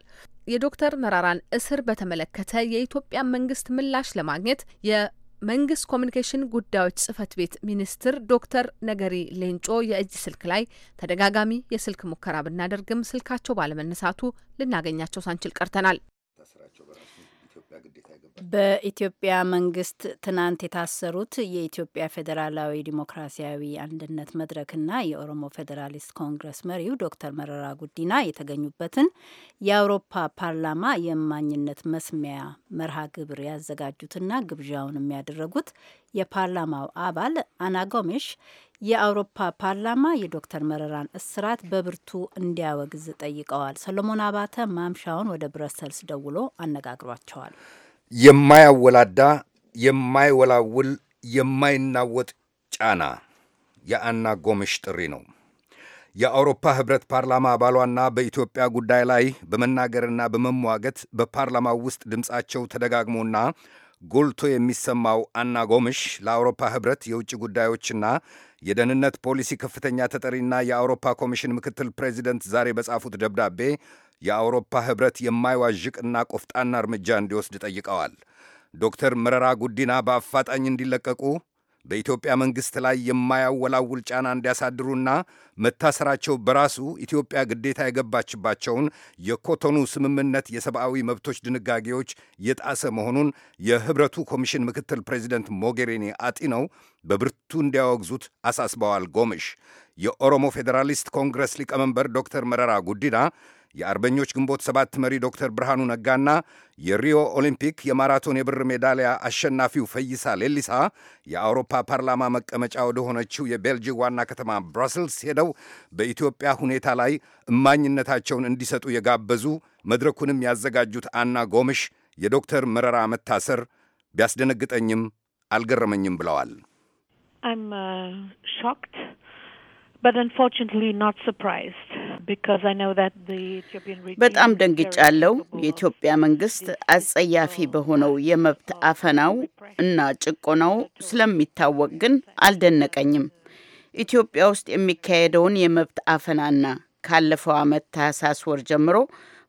የዶክተር መራራን እስር በተመለከተ የኢትዮጵያ መንግስት ምላሽ ለማግኘት የመንግስት ኮሚኒኬሽን ጉዳዮች ጽህፈት ቤት ሚኒስትር ዶክተር ነገሪ ሌንጮ የእጅ ስልክ ላይ ተደጋጋሚ የስልክ ሙከራ ብናደርግም ስልካቸው ባለመነሳቱ ልናገኛቸው ሳንችል ቀርተናል። a good do በኢትዮጵያ መንግስት ትናንት የታሰሩት የኢትዮጵያ ፌዴራላዊ ዲሞክራሲያዊ አንድነት መድረክና የኦሮሞ ፌዴራሊስት ኮንግረስ መሪው ዶክተር መረራ ጉዲና የተገኙበትን የአውሮፓ ፓርላማ የእማኝነት መስሚያ መርሃ ግብር ያዘጋጁትና ግብዣውን የሚያደረጉት የፓርላማው አባል አና ጎሜሽ የአውሮፓ ፓርላማ የዶክተር መረራን እስራት በብርቱ እንዲያወግዝ ጠይቀዋል። ሰሎሞን አባተ ማምሻውን ወደ ብረሰልስ ደውሎ አነጋግሯቸዋል። የማያወላዳ የማይወላውል የማይናወጥ ጫና የአና ጎምሽ ጥሪ ነው። የአውሮፓ ህብረት ፓርላማ አባሏና በኢትዮጵያ ጉዳይ ላይ በመናገርና በመሟገት በፓርላማው ውስጥ ድምፃቸው ተደጋግሞና ጎልቶ የሚሰማው አና ጎምሽ ለአውሮፓ ህብረት የውጭ ጉዳዮችና የደህንነት ፖሊሲ ከፍተኛ ተጠሪና የአውሮፓ ኮሚሽን ምክትል ፕሬዚደንት ዛሬ በጻፉት ደብዳቤ የአውሮፓ ኅብረት የማይዋዥቅና ቆፍጣና እርምጃ እንዲወስድ ጠይቀዋል። ዶክተር መረራ ጉዲና በአፋጣኝ እንዲለቀቁ በኢትዮጵያ መንግሥት ላይ የማያወላውል ጫና እንዲያሳድሩና መታሰራቸው በራሱ ኢትዮጵያ ግዴታ የገባችባቸውን የኮቶኑ ስምምነት የሰብአዊ መብቶች ድንጋጌዎች የጣሰ መሆኑን የኅብረቱ ኮሚሽን ምክትል ፕሬዚደንት ሞጌሪኒ አጢነው በብርቱ እንዲያወግዙት አሳስበዋል። ጎምሽ የኦሮሞ ፌዴራሊስት ኮንግረስ ሊቀመንበር ዶክተር መረራ ጉዲና የአርበኞች ግንቦት ሰባት መሪ ዶክተር ብርሃኑ ነጋና የሪዮ ኦሊምፒክ የማራቶን የብር ሜዳሊያ አሸናፊው ፈይሳ ሌሊሳ የአውሮፓ ፓርላማ መቀመጫ ወደሆነችው የቤልጅግ ዋና ከተማ ብራስልስ ሄደው በኢትዮጵያ ሁኔታ ላይ እማኝነታቸውን እንዲሰጡ የጋበዙ መድረኩንም ያዘጋጁት አና ጎምሽ የዶክተር መረራ መታሰር ቢያስደነግጠኝም አልገረመኝም ብለዋል። በጣም ደንግጫለሁ። የኢትዮጵያ መንግስት አጸያፊ በሆነው uh, የመብት አፈናው እና ጭቆናው ስለሚታወቅ ግን አልደነቀኝም። ኢትዮጵያ ውስጥ የሚካሄደውን የመብት አፈናና ካለፈው ዓመት ታህሳስ ወር ጀምሮ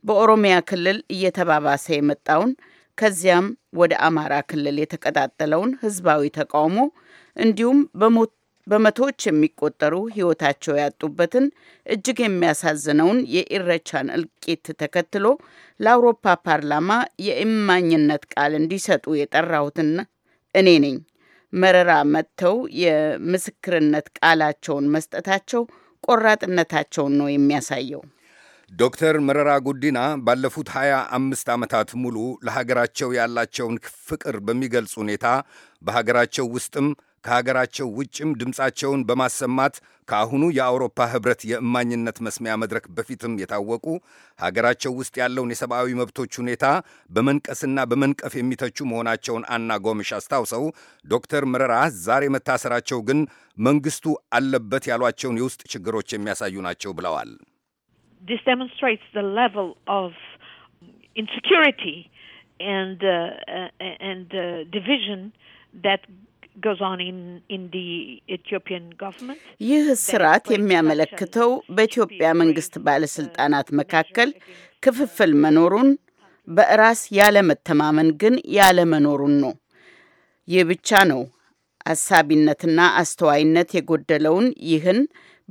በኦሮሚያ ክልል እየተባባሰ የመጣውን ከዚያም ወደ አማራ ክልል የተቀጣጠለውን ህዝባዊ ተቃውሞ እንዲሁም በሞት በመቶዎች የሚቆጠሩ ሕይወታቸው ያጡበትን እጅግ የሚያሳዝነውን የኢረቻን እልቂት ተከትሎ ለአውሮፓ ፓርላማ የእማኝነት ቃል እንዲሰጡ የጠራሁትና እኔ ነኝ። መረራ መጥተው የምስክርነት ቃላቸውን መስጠታቸው ቆራጥነታቸውን ነው የሚያሳየው። ዶክተር መረራ ጉዲና ባለፉት ሀያ አምስት ዓመታት ሙሉ ለሀገራቸው ያላቸውን ፍቅር በሚገልጽ ሁኔታ በሀገራቸው ውስጥም ከሀገራቸው ውጭም ድምፃቸውን በማሰማት ከአሁኑ የአውሮፓ ህብረት የእማኝነት መስሚያ መድረክ በፊትም የታወቁ ሀገራቸው ውስጥ ያለውን የሰብአዊ መብቶች ሁኔታ በመንቀስና በመንቀፍ የሚተቹ መሆናቸውን አና ጎምሽ አስታውሰው ዶክተር መረራ ዛሬ መታሰራቸው ግን መንግስቱ አለበት ያሏቸውን የውስጥ ችግሮች የሚያሳዩ ናቸው ብለዋል። ኢንሴኪሪቲ demonstrates ዲቪዥን ይህ ስርዓት የሚያመለክተው በኢትዮጵያ መንግስት ባለስልጣናት መካከል ክፍፍል መኖሩን በራስ ያለመተማመን ግን ያለመኖሩን ነው። ይህ ብቻ ነው። አሳቢነትና አስተዋይነት የጎደለውን ይህን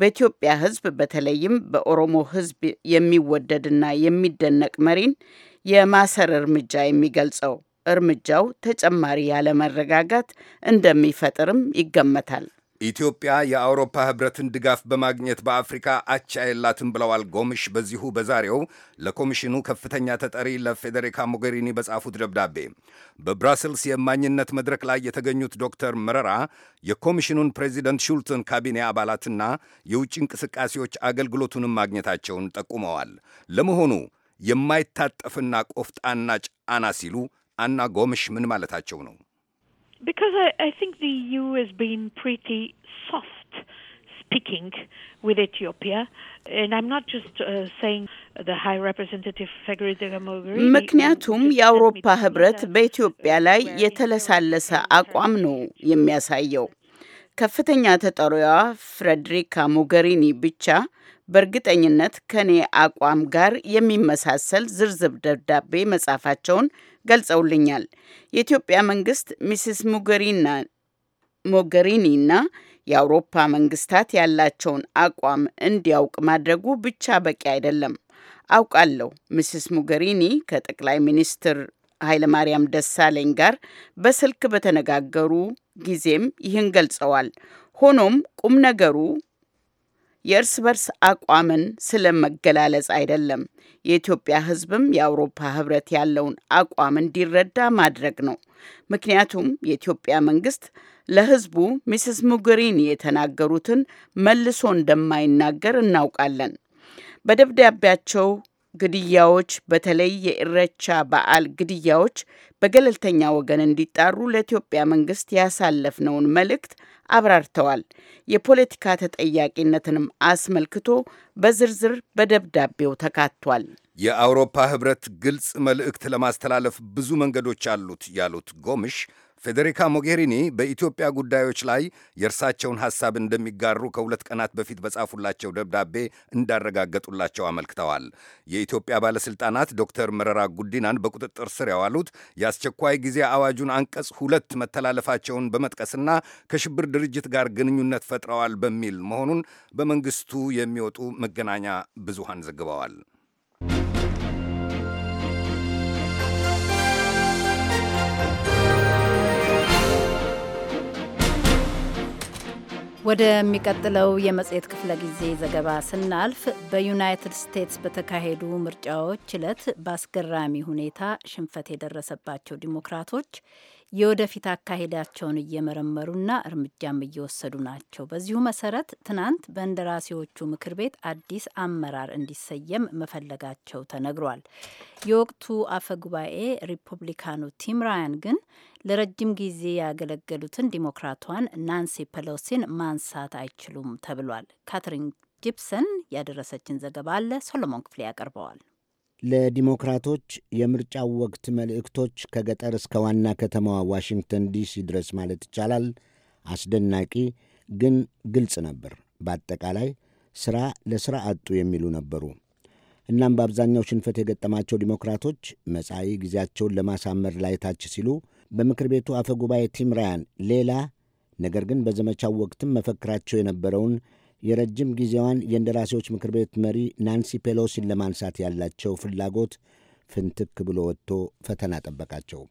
በኢትዮጵያ ሕዝብ በተለይም በኦሮሞ ሕዝብ የሚወደድና የሚደነቅ መሪን የማሰር እርምጃ የሚገልጸው እርምጃው ተጨማሪ ያለመረጋጋት እንደሚፈጥርም ይገመታል። ኢትዮጵያ የአውሮፓ ህብረትን ድጋፍ በማግኘት በአፍሪካ አቻ የላትም ብለዋል ጎምሽ በዚሁ በዛሬው ለኮሚሽኑ ከፍተኛ ተጠሪ ለፌዴሪካ ሞገሪኒ በጻፉት ደብዳቤ። በብራስልስ የማኝነት መድረክ ላይ የተገኙት ዶክተር መረራ የኮሚሽኑን ፕሬዚደንት ሹልትን ካቢኔ አባላትና የውጭ እንቅስቃሴዎች አገልግሎቱንም ማግኘታቸውን ጠቁመዋል። ለመሆኑ የማይታጠፍና ቆፍጣና ጫና ሲሉ አና ጎምሽ ምን ማለታቸው ነው? Uh, ምክንያቱም የአውሮፓ ህብረት በኢትዮጵያ ላይ የተለሳለሰ አቋም ነው የሚያሳየው። ከፍተኛ ተጠሪዋ ፍሬድሪካ ሞገሪኒ ብቻ በእርግጠኝነት ከኔ አቋም ጋር የሚመሳሰል ዝርዝር ደብዳቤ መጻፋቸውን ገልጸውልኛል። የኢትዮጵያ መንግስት ሚስስ ሙገሪና ሞገሪኒና የአውሮፓ መንግስታት ያላቸውን አቋም እንዲያውቅ ማድረጉ ብቻ በቂ አይደለም። አውቃለሁ ሚስስ ሙገሪኒ ከጠቅላይ ሚኒስትር ኃይለማርያም ደሳለኝ ጋር በስልክ በተነጋገሩ ጊዜም ይህን ገልጸዋል። ሆኖም ቁም ነገሩ የእርስ በርስ አቋምን ስለመገላለጽ አይደለም። የኢትዮጵያ ሕዝብም የአውሮፓ ህብረት ያለውን አቋም እንዲረዳ ማድረግ ነው። ምክንያቱም የኢትዮጵያ መንግስት ለህዝቡ ሚስስ ሙገሪኒ የተናገሩትን መልሶ እንደማይናገር እናውቃለን። በደብዳቤያቸው ግድያዎች፣ በተለይ የኢሬቻ በዓል ግድያዎች በገለልተኛ ወገን እንዲጣሩ ለኢትዮጵያ መንግስት ያሳለፍነውን መልእክት አብራርተዋል። የፖለቲካ ተጠያቂነትንም አስመልክቶ በዝርዝር በደብዳቤው ተካቷል። የአውሮፓ ህብረት ግልጽ መልእክት ለማስተላለፍ ብዙ መንገዶች አሉት ያሉት ጎምሽ ፌዴሪካ ሞጌሪኒ በኢትዮጵያ ጉዳዮች ላይ የእርሳቸውን ሐሳብ እንደሚጋሩ ከሁለት ቀናት በፊት በጻፉላቸው ደብዳቤ እንዳረጋገጡላቸው አመልክተዋል። የኢትዮጵያ ባለሥልጣናት ዶክተር መረራ ጉዲናን በቁጥጥር ስር ያዋሉት የአስቸኳይ ጊዜ አዋጁን አንቀጽ ሁለት መተላለፋቸውን በመጥቀስና ከሽብር ድርጅት ጋር ግንኙነት ፈጥረዋል በሚል መሆኑን በመንግስቱ የሚወጡ መገናኛ ብዙሃን ዘግበዋል። ወደሚቀጥለው የመጽሔት ክፍለ ጊዜ ዘገባ ስናልፍ በዩናይትድ ስቴትስ በተካሄዱ ምርጫዎች ዕለት በአስገራሚ ሁኔታ ሽንፈት የደረሰባቸው ዲሞክራቶች የወደፊት አካሄዳቸውን እየመረመሩና እርምጃም እየወሰዱ ናቸው። በዚሁ መሰረት ትናንት በእንደራሴዎቹ ምክር ቤት አዲስ አመራር እንዲሰየም መፈለጋቸው ተነግሯል። የወቅቱ አፈ ጉባኤ ሪፑብሊካኑ ቲም ራያን ግን ለረጅም ጊዜ ያገለገሉትን ዲሞክራቷን ናንሲ ፐሎሲን ማንሳት አይችሉም ተብሏል። ካትሪን ጂፕሰን ያደረሰችን ዘገባ አለ። ሶሎሞን ክፍሌ ያቀርበዋል። ለዲሞክራቶች የምርጫው ወቅት መልእክቶች ከገጠር እስከ ዋና ከተማዋ ዋሽንግተን ዲሲ ድረስ ማለት ይቻላል አስደናቂ ግን ግልጽ ነበር። በአጠቃላይ ሥራ ለሥራ አጡ የሚሉ ነበሩ። እናም በአብዛኛው ሽንፈት የገጠማቸው ዲሞክራቶች መጻኢ ጊዜያቸውን ለማሳመር ላይ ታች ሲሉ በምክር ቤቱ አፈ ጉባኤ ቲም ራያን ሌላ ነገር ግን በዘመቻው ወቅትም መፈክራቸው የነበረውን የረጅም ጊዜዋን የእንደራሴዎች ምክር ቤት መሪ ናንሲ ፔሎሲን ለማንሳት ያላቸው ፍላጎት ፍንትክ ብሎ ወጥቶ ፈተና ጠበቃቸው።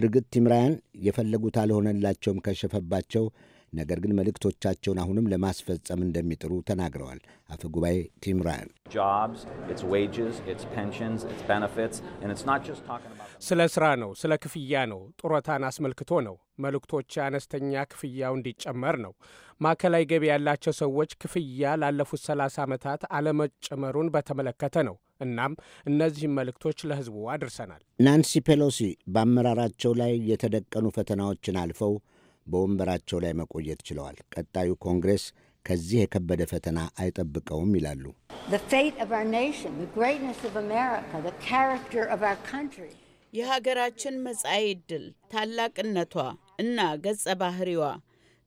እርግጥ ቲም ራያን የፈለጉት አልሆነላቸውም ከሸፈባቸው ነገር ግን መልእክቶቻቸውን አሁንም ለማስፈጸም እንደሚጥሩ ተናግረዋል። አፈ ጉባኤ ቲም ራያን ስለ ስራ ነው፣ ስለ ክፍያ ነው፣ ጡረታን አስመልክቶ ነው። መልእክቶች አነስተኛ ክፍያው እንዲጨመር ነው። ማዕከላዊ ገቢ ያላቸው ሰዎች ክፍያ ላለፉት 30 ዓመታት አለመጨመሩን በተመለከተ ነው። እናም እነዚህም መልእክቶች ለህዝቡ አድርሰናል። ናንሲ ፔሎሲ በአመራራቸው ላይ የተደቀኑ ፈተናዎችን አልፈው በወንበራቸው ላይ መቆየት ችለዋል። ቀጣዩ ኮንግሬስ ከዚህ የከበደ ፈተና አይጠብቀውም ይላሉ። የሀገራችን መጻኢ ዕድል፣ ታላቅነቷ እና ገጸ ባህሪዋ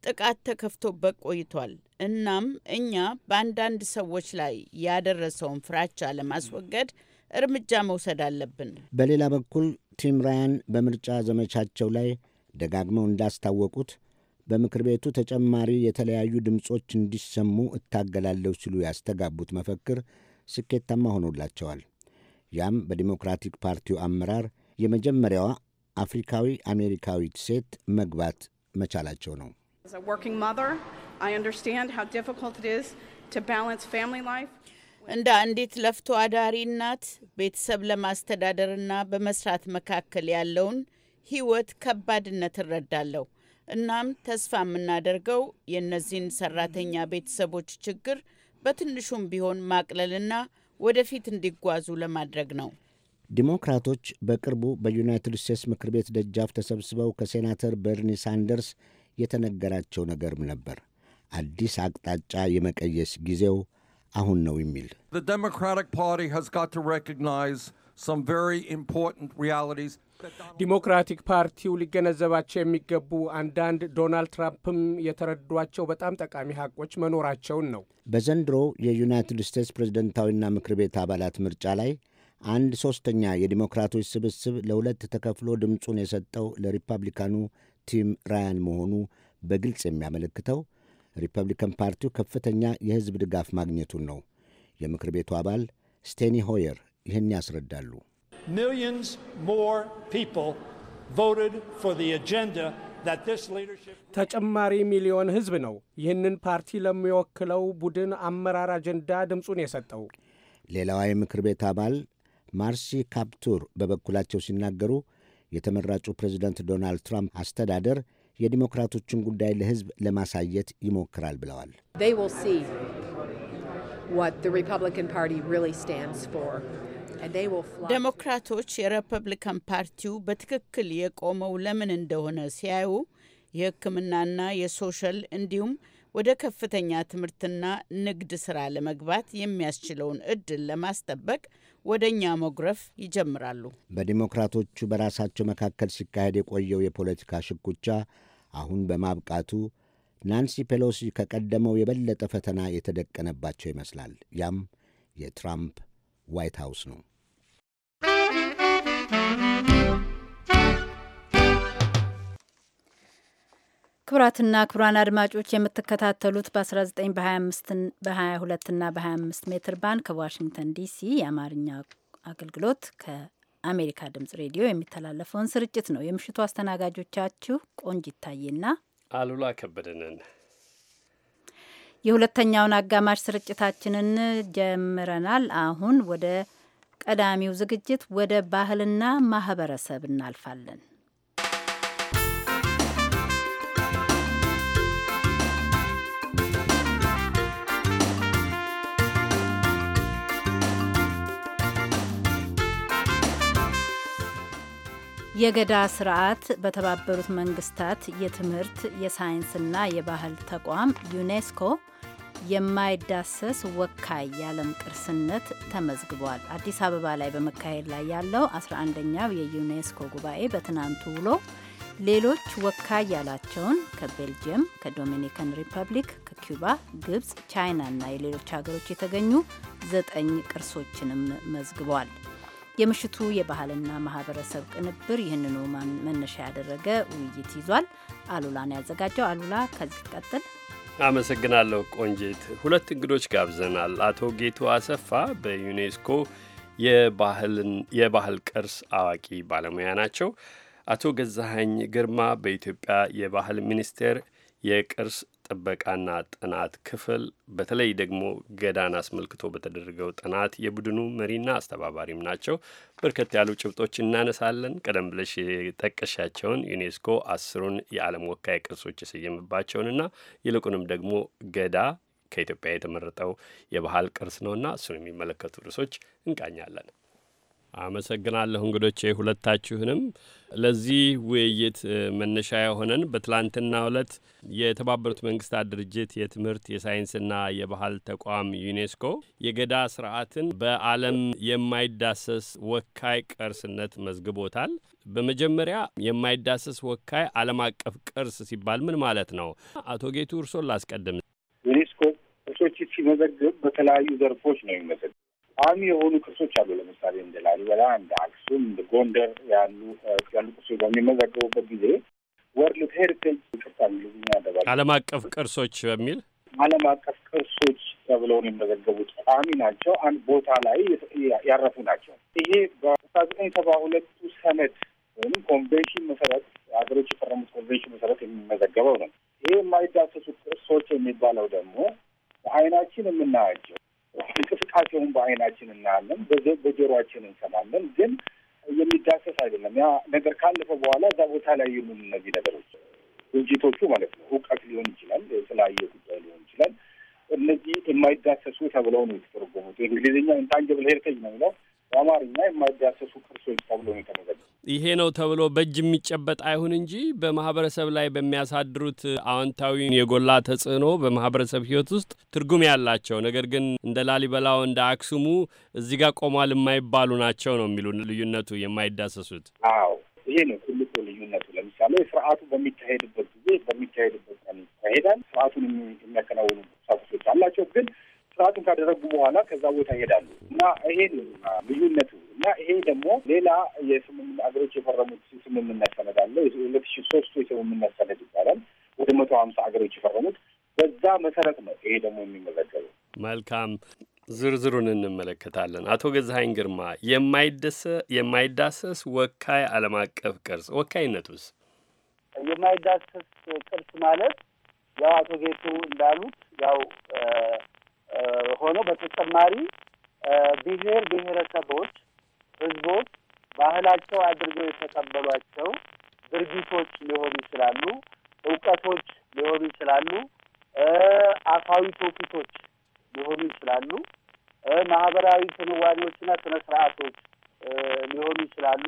ጥቃት ተከፍቶበት ቆይቷል። እናም እኛ በአንዳንድ ሰዎች ላይ ያደረሰውን ፍራቻ ለማስወገድ እርምጃ መውሰድ አለብን። በሌላ በኩል ቲም ራያን በምርጫ ዘመቻቸው ላይ ደጋግመው እንዳስታወቁት በምክር ቤቱ ተጨማሪ የተለያዩ ድምፆች እንዲሰሙ እታገላለሁ ሲሉ ያስተጋቡት መፈክር ስኬታማ ሆኖላቸዋል። ያም በዲሞክራቲክ ፓርቲው አመራር የመጀመሪያዋ አፍሪካዊ አሜሪካዊት ሴት መግባት መቻላቸው ነው። እንደ አንዲት ለፍቶ አዳሪ እናት ቤተሰብ ለማስተዳደርና በመስራት መካከል ያለውን ህይወት ከባድነት እረዳለሁ። እናም ተስፋ የምናደርገው የእነዚህን ሰራተኛ ቤተሰቦች ችግር በትንሹም ቢሆን ማቅለልና ወደፊት እንዲጓዙ ለማድረግ ነው። ዲሞክራቶች በቅርቡ በዩናይትድ ስቴትስ ምክር ቤት ደጃፍ ተሰብስበው ከሴናተር በርኒ ሳንደርስ የተነገራቸው ነገርም ነበር። አዲስ አቅጣጫ የመቀየስ ጊዜው አሁን ነው የሚል ዲሞክራቲክ ፓርቲው ሊገነዘባቸው የሚገቡ አንዳንድ ዶናልድ ትራምፕም የተረዷቸው በጣም ጠቃሚ ሀቆች መኖራቸውን ነው። በዘንድሮ የዩናይትድ ስቴትስ ፕሬዝደንታዊና ምክር ቤት አባላት ምርጫ ላይ አንድ ሦስተኛ የዲሞክራቶች ስብስብ ለሁለት ተከፍሎ ድምፁን የሰጠው ለሪፐብሊካኑ ቲም ራያን መሆኑ በግልጽ የሚያመለክተው ሪፐብሊካን ፓርቲው ከፍተኛ የሕዝብ ድጋፍ ማግኘቱን ነው። የምክር ቤቱ አባል ስቴኒ ሆየር ይህን ያስረዳሉ። millions more people voted for the agenda that this leadership ተጨማሪ ሚሊዮን ህዝብ ነው ይህንን ፓርቲ ለሚወክለው ቡድን አመራር አጀንዳ ድምፁን የሰጠው። ሌላዋ የምክር ቤት አባል ማርሲ ካፕቱር በበኩላቸው ሲናገሩ የተመራጩ ፕሬዚደንት ዶናልድ ትራምፕ አስተዳደር የዲሞክራቶችን ጉዳይ ለህዝብ ለማሳየት ይሞክራል ብለዋል። ሪፐብሊካን ፓርቲ ሪሊ ስታንድስ ፎር ዴሞክራቶች የሪፐብሊካን ፓርቲው በትክክል የቆመው ለምን እንደሆነ ሲያዩ የሕክምናና የሶሻል እንዲሁም ወደ ከፍተኛ ትምህርትና ንግድ ስራ ለመግባት የሚያስችለውን እድል ለማስጠበቅ ወደ እኛ መጉረፍ ይጀምራሉ። በዲሞክራቶቹ በራሳቸው መካከል ሲካሄድ የቆየው የፖለቲካ ሽኩቻ አሁን በማብቃቱ ናንሲ ፔሎሲ ከቀደመው የበለጠ ፈተና የተደቀነባቸው ይመስላል። ያም የትራምፕ ዋይት ሀውስ ነው። ክቡራትና ክቡራን አድማጮች የምትከታተሉት በ19 በ22ና በ25 ሜትር ባንድ ከዋሽንግተን ዲሲ የአማርኛ አገልግሎት ከአሜሪካ ድምጽ ሬዲዮ የሚተላለፈውን ስርጭት ነው። የምሽቱ አስተናጋጆቻችሁ ቆንጅ ይታየና አሉላ ከበደነን የሁለተኛውን አጋማሽ ስርጭታችንን ጀምረናል። አሁን ወደ ቀዳሚው ዝግጅት ወደ ባህልና ማህበረሰብ እናልፋለን። የገዳ ስርዓት በተባበሩት መንግስታት የትምህርት የሳይንስና የባህል ተቋም ዩኔስኮ የማይዳሰስ ወካይ የዓለም ቅርስነት ተመዝግቧል። አዲስ አበባ ላይ በመካሄድ ላይ ያለው 11ኛው የዩኔስኮ ጉባኤ በትናንቱ ውሎ ሌሎች ወካይ ያላቸውን ከቤልጅየም፣ ከዶሚኒካን ሪፐብሊክ፣ ከኩባ፣ ግብፅ፣ ቻይና እና የሌሎች ሀገሮች የተገኙ ዘጠኝ ቅርሶችንም መዝግቧል። የምሽቱ የባህልና ማህበረሰብ ቅንብር ይህንኑ መነሻ ያደረገ ውይይት ይዟል። አሉላ ነው ያዘጋጀው። አሉላ ከዚህ ቀጥል አመሰግናለሁ ቆንጂት። ሁለት እንግዶች ጋብዘናል። አቶ ጌቱ አሰፋ በዩኔስኮ የባህል ቅርስ አዋቂ ባለሙያ ናቸው። አቶ ገዛሀኝ ግርማ በኢትዮጵያ የባህል ሚኒስቴር የቅርስ ጥበቃና ጥናት ክፍል በተለይ ደግሞ ገዳን አስመልክቶ በተደረገው ጥናት የቡድኑ መሪና አስተባባሪም ናቸው። በርከት ያሉ ጭብጦች እናነሳለን። ቀደም ብለሽ የጠቀሻቸውን ዩኔስኮ አስሩን የዓለም ወካይ ቅርሶች የሰየመባቸውንና ይልቁንም ደግሞ ገዳ ከኢትዮጵያ የተመረጠው የባህል ቅርስ ነውና እሱን የሚመለከቱ ርዕሶች እንቃኛለን። አመሰግናለሁ እንግዶቼ ሁለታችሁንም። ለዚህ ውይይት መነሻ የሆነን በትላንትና ዕለት የተባበሩት መንግስታት ድርጅት የትምህርት የሳይንስና የባህል ተቋም ዩኔስኮ የገዳ ስርዓትን በዓለም የማይዳሰስ ወካይ ቅርስነት መዝግቦታል። በመጀመሪያ የማይዳሰስ ወካይ ዓለም አቀፍ ቅርስ ሲባል ምን ማለት ነው? አቶ ጌቱ እርሶን ላስቀድም። ዩኔስኮ ቅርሶች ሲመዘግብ በተለያዩ ዘርፎች ነው የሚመዘግብ ቋሚ የሆኑ ቅርሶች አሉ። ለምሳሌ እንደ ላሊበላ፣ እንደ አክሱም፣ እንደ ጎንደር ያሉ ያሉ ቅርሶች በሚመዘገቡበት ጊዜ ወርልድ ሄሪቴጅ ቅርስ አሉ ያደባል ዓለም አቀፍ ቅርሶች በሚል ዓለም አቀፍ ቅርሶች ተብለው የሚመዘገቡት የመዘገቡት። ቋሚ ናቸው። አንድ ቦታ ላይ ያረፉ ናቸው። ይሄ በአስራ ዘጠኝ ሰባ ሁለቱ ሰነድ ወይም ኮንቬንሽን መሰረት ሀገሮች የፈረሙት ኮንቬንሽን መሰረት የሚመዘገበው ነው። ይሄ የማይዳሰሱ ቅርሶች የሚባለው ደግሞ በአይናችን የምናያቸው እንቅስቃሴውን በአይናችን እናያለን፣ በጆሮአችን እንሰማለን፣ ግን የሚዳሰስ አይደለም። ያ ነገር ካለፈ በኋላ እዛ ቦታ ላይ የሉም እነዚህ ነገሮች ድርጅቶቹ ማለት ነው። እውቀት ሊሆን ይችላል፣ የተለያየ ጉዳይ ሊሆን ይችላል። እነዚህ የማይዳሰሱ ተብለው ነው የተተረጎሙት። እንግሊዝኛ ኢንታንጀብል ሄርተጅ ነው የሚለው በአማርኛ የማይዳሰሱ ቅርሶች ተብሎ ነው የተመዘገ ይሄ ነው ተብሎ በእጅ የሚጨበጥ አይሁን እንጂ በማህበረሰብ ላይ በሚያሳድሩት አዎንታዊ የጎላ ተጽዕኖ በማህበረሰብ ሕይወት ውስጥ ትርጉም ያላቸው ነገር ግን እንደ ላሊበላው እንደ አክሱሙ እዚህ ጋር ቆሟል የማይባሉ ናቸው ነው የሚሉ ልዩነቱ የማይዳሰሱት። አዎ ይሄ ነው ትልቁ ልዩነቱ። ለምሳሌ ስርዓቱ በሚካሄድበት ጊዜ በሚካሄድበት ቀን ይካሄዳል። ስርዓቱን የሚያከናውኑ ቁሳቁሶች አላቸው ግን ስርዓቱን ካደረጉ በኋላ ከዛ ቦታ ይሄዳሉ እና ይሄ ልዩነቱ እና ይሄ ደግሞ ሌላ የስምምነት ሀገሮች የፈረሙት ስምምነት ሰነድ አለ። ሁለት ሺ ሶስቱ የስምምነት ሰነድ ይባላል። ወደ መቶ ሀምሳ ሀገሮች የፈረሙት በዛ መሰረት ነው። ይሄ ደግሞ የሚመዘገበው መልካም ዝርዝሩን እንመለከታለን። አቶ ገዛሀኝ ግርማ የማይዳሰስ ወካይ ዓለም አቀፍ ቅርጽ ወካይነቱስ የማይዳሰስ ቅርስ ማለት ያው አቶ ጌቱ እንዳሉት ያው ሆኖ በተጨማሪ ብሔር ብሔረሰቦች፣ ህዝቦች ባህላቸው አድርገው የተቀበሏቸው ድርጊቶች ሊሆኑ ይችላሉ፣ እውቀቶች ሊሆኑ ይችላሉ፣ አፋዊ ትውፊቶች ሊሆኑ ይችላሉ፣ ማህበራዊ ክንዋኔዎችና ስነ ስርዓቶች ሊሆኑ ይችላሉ።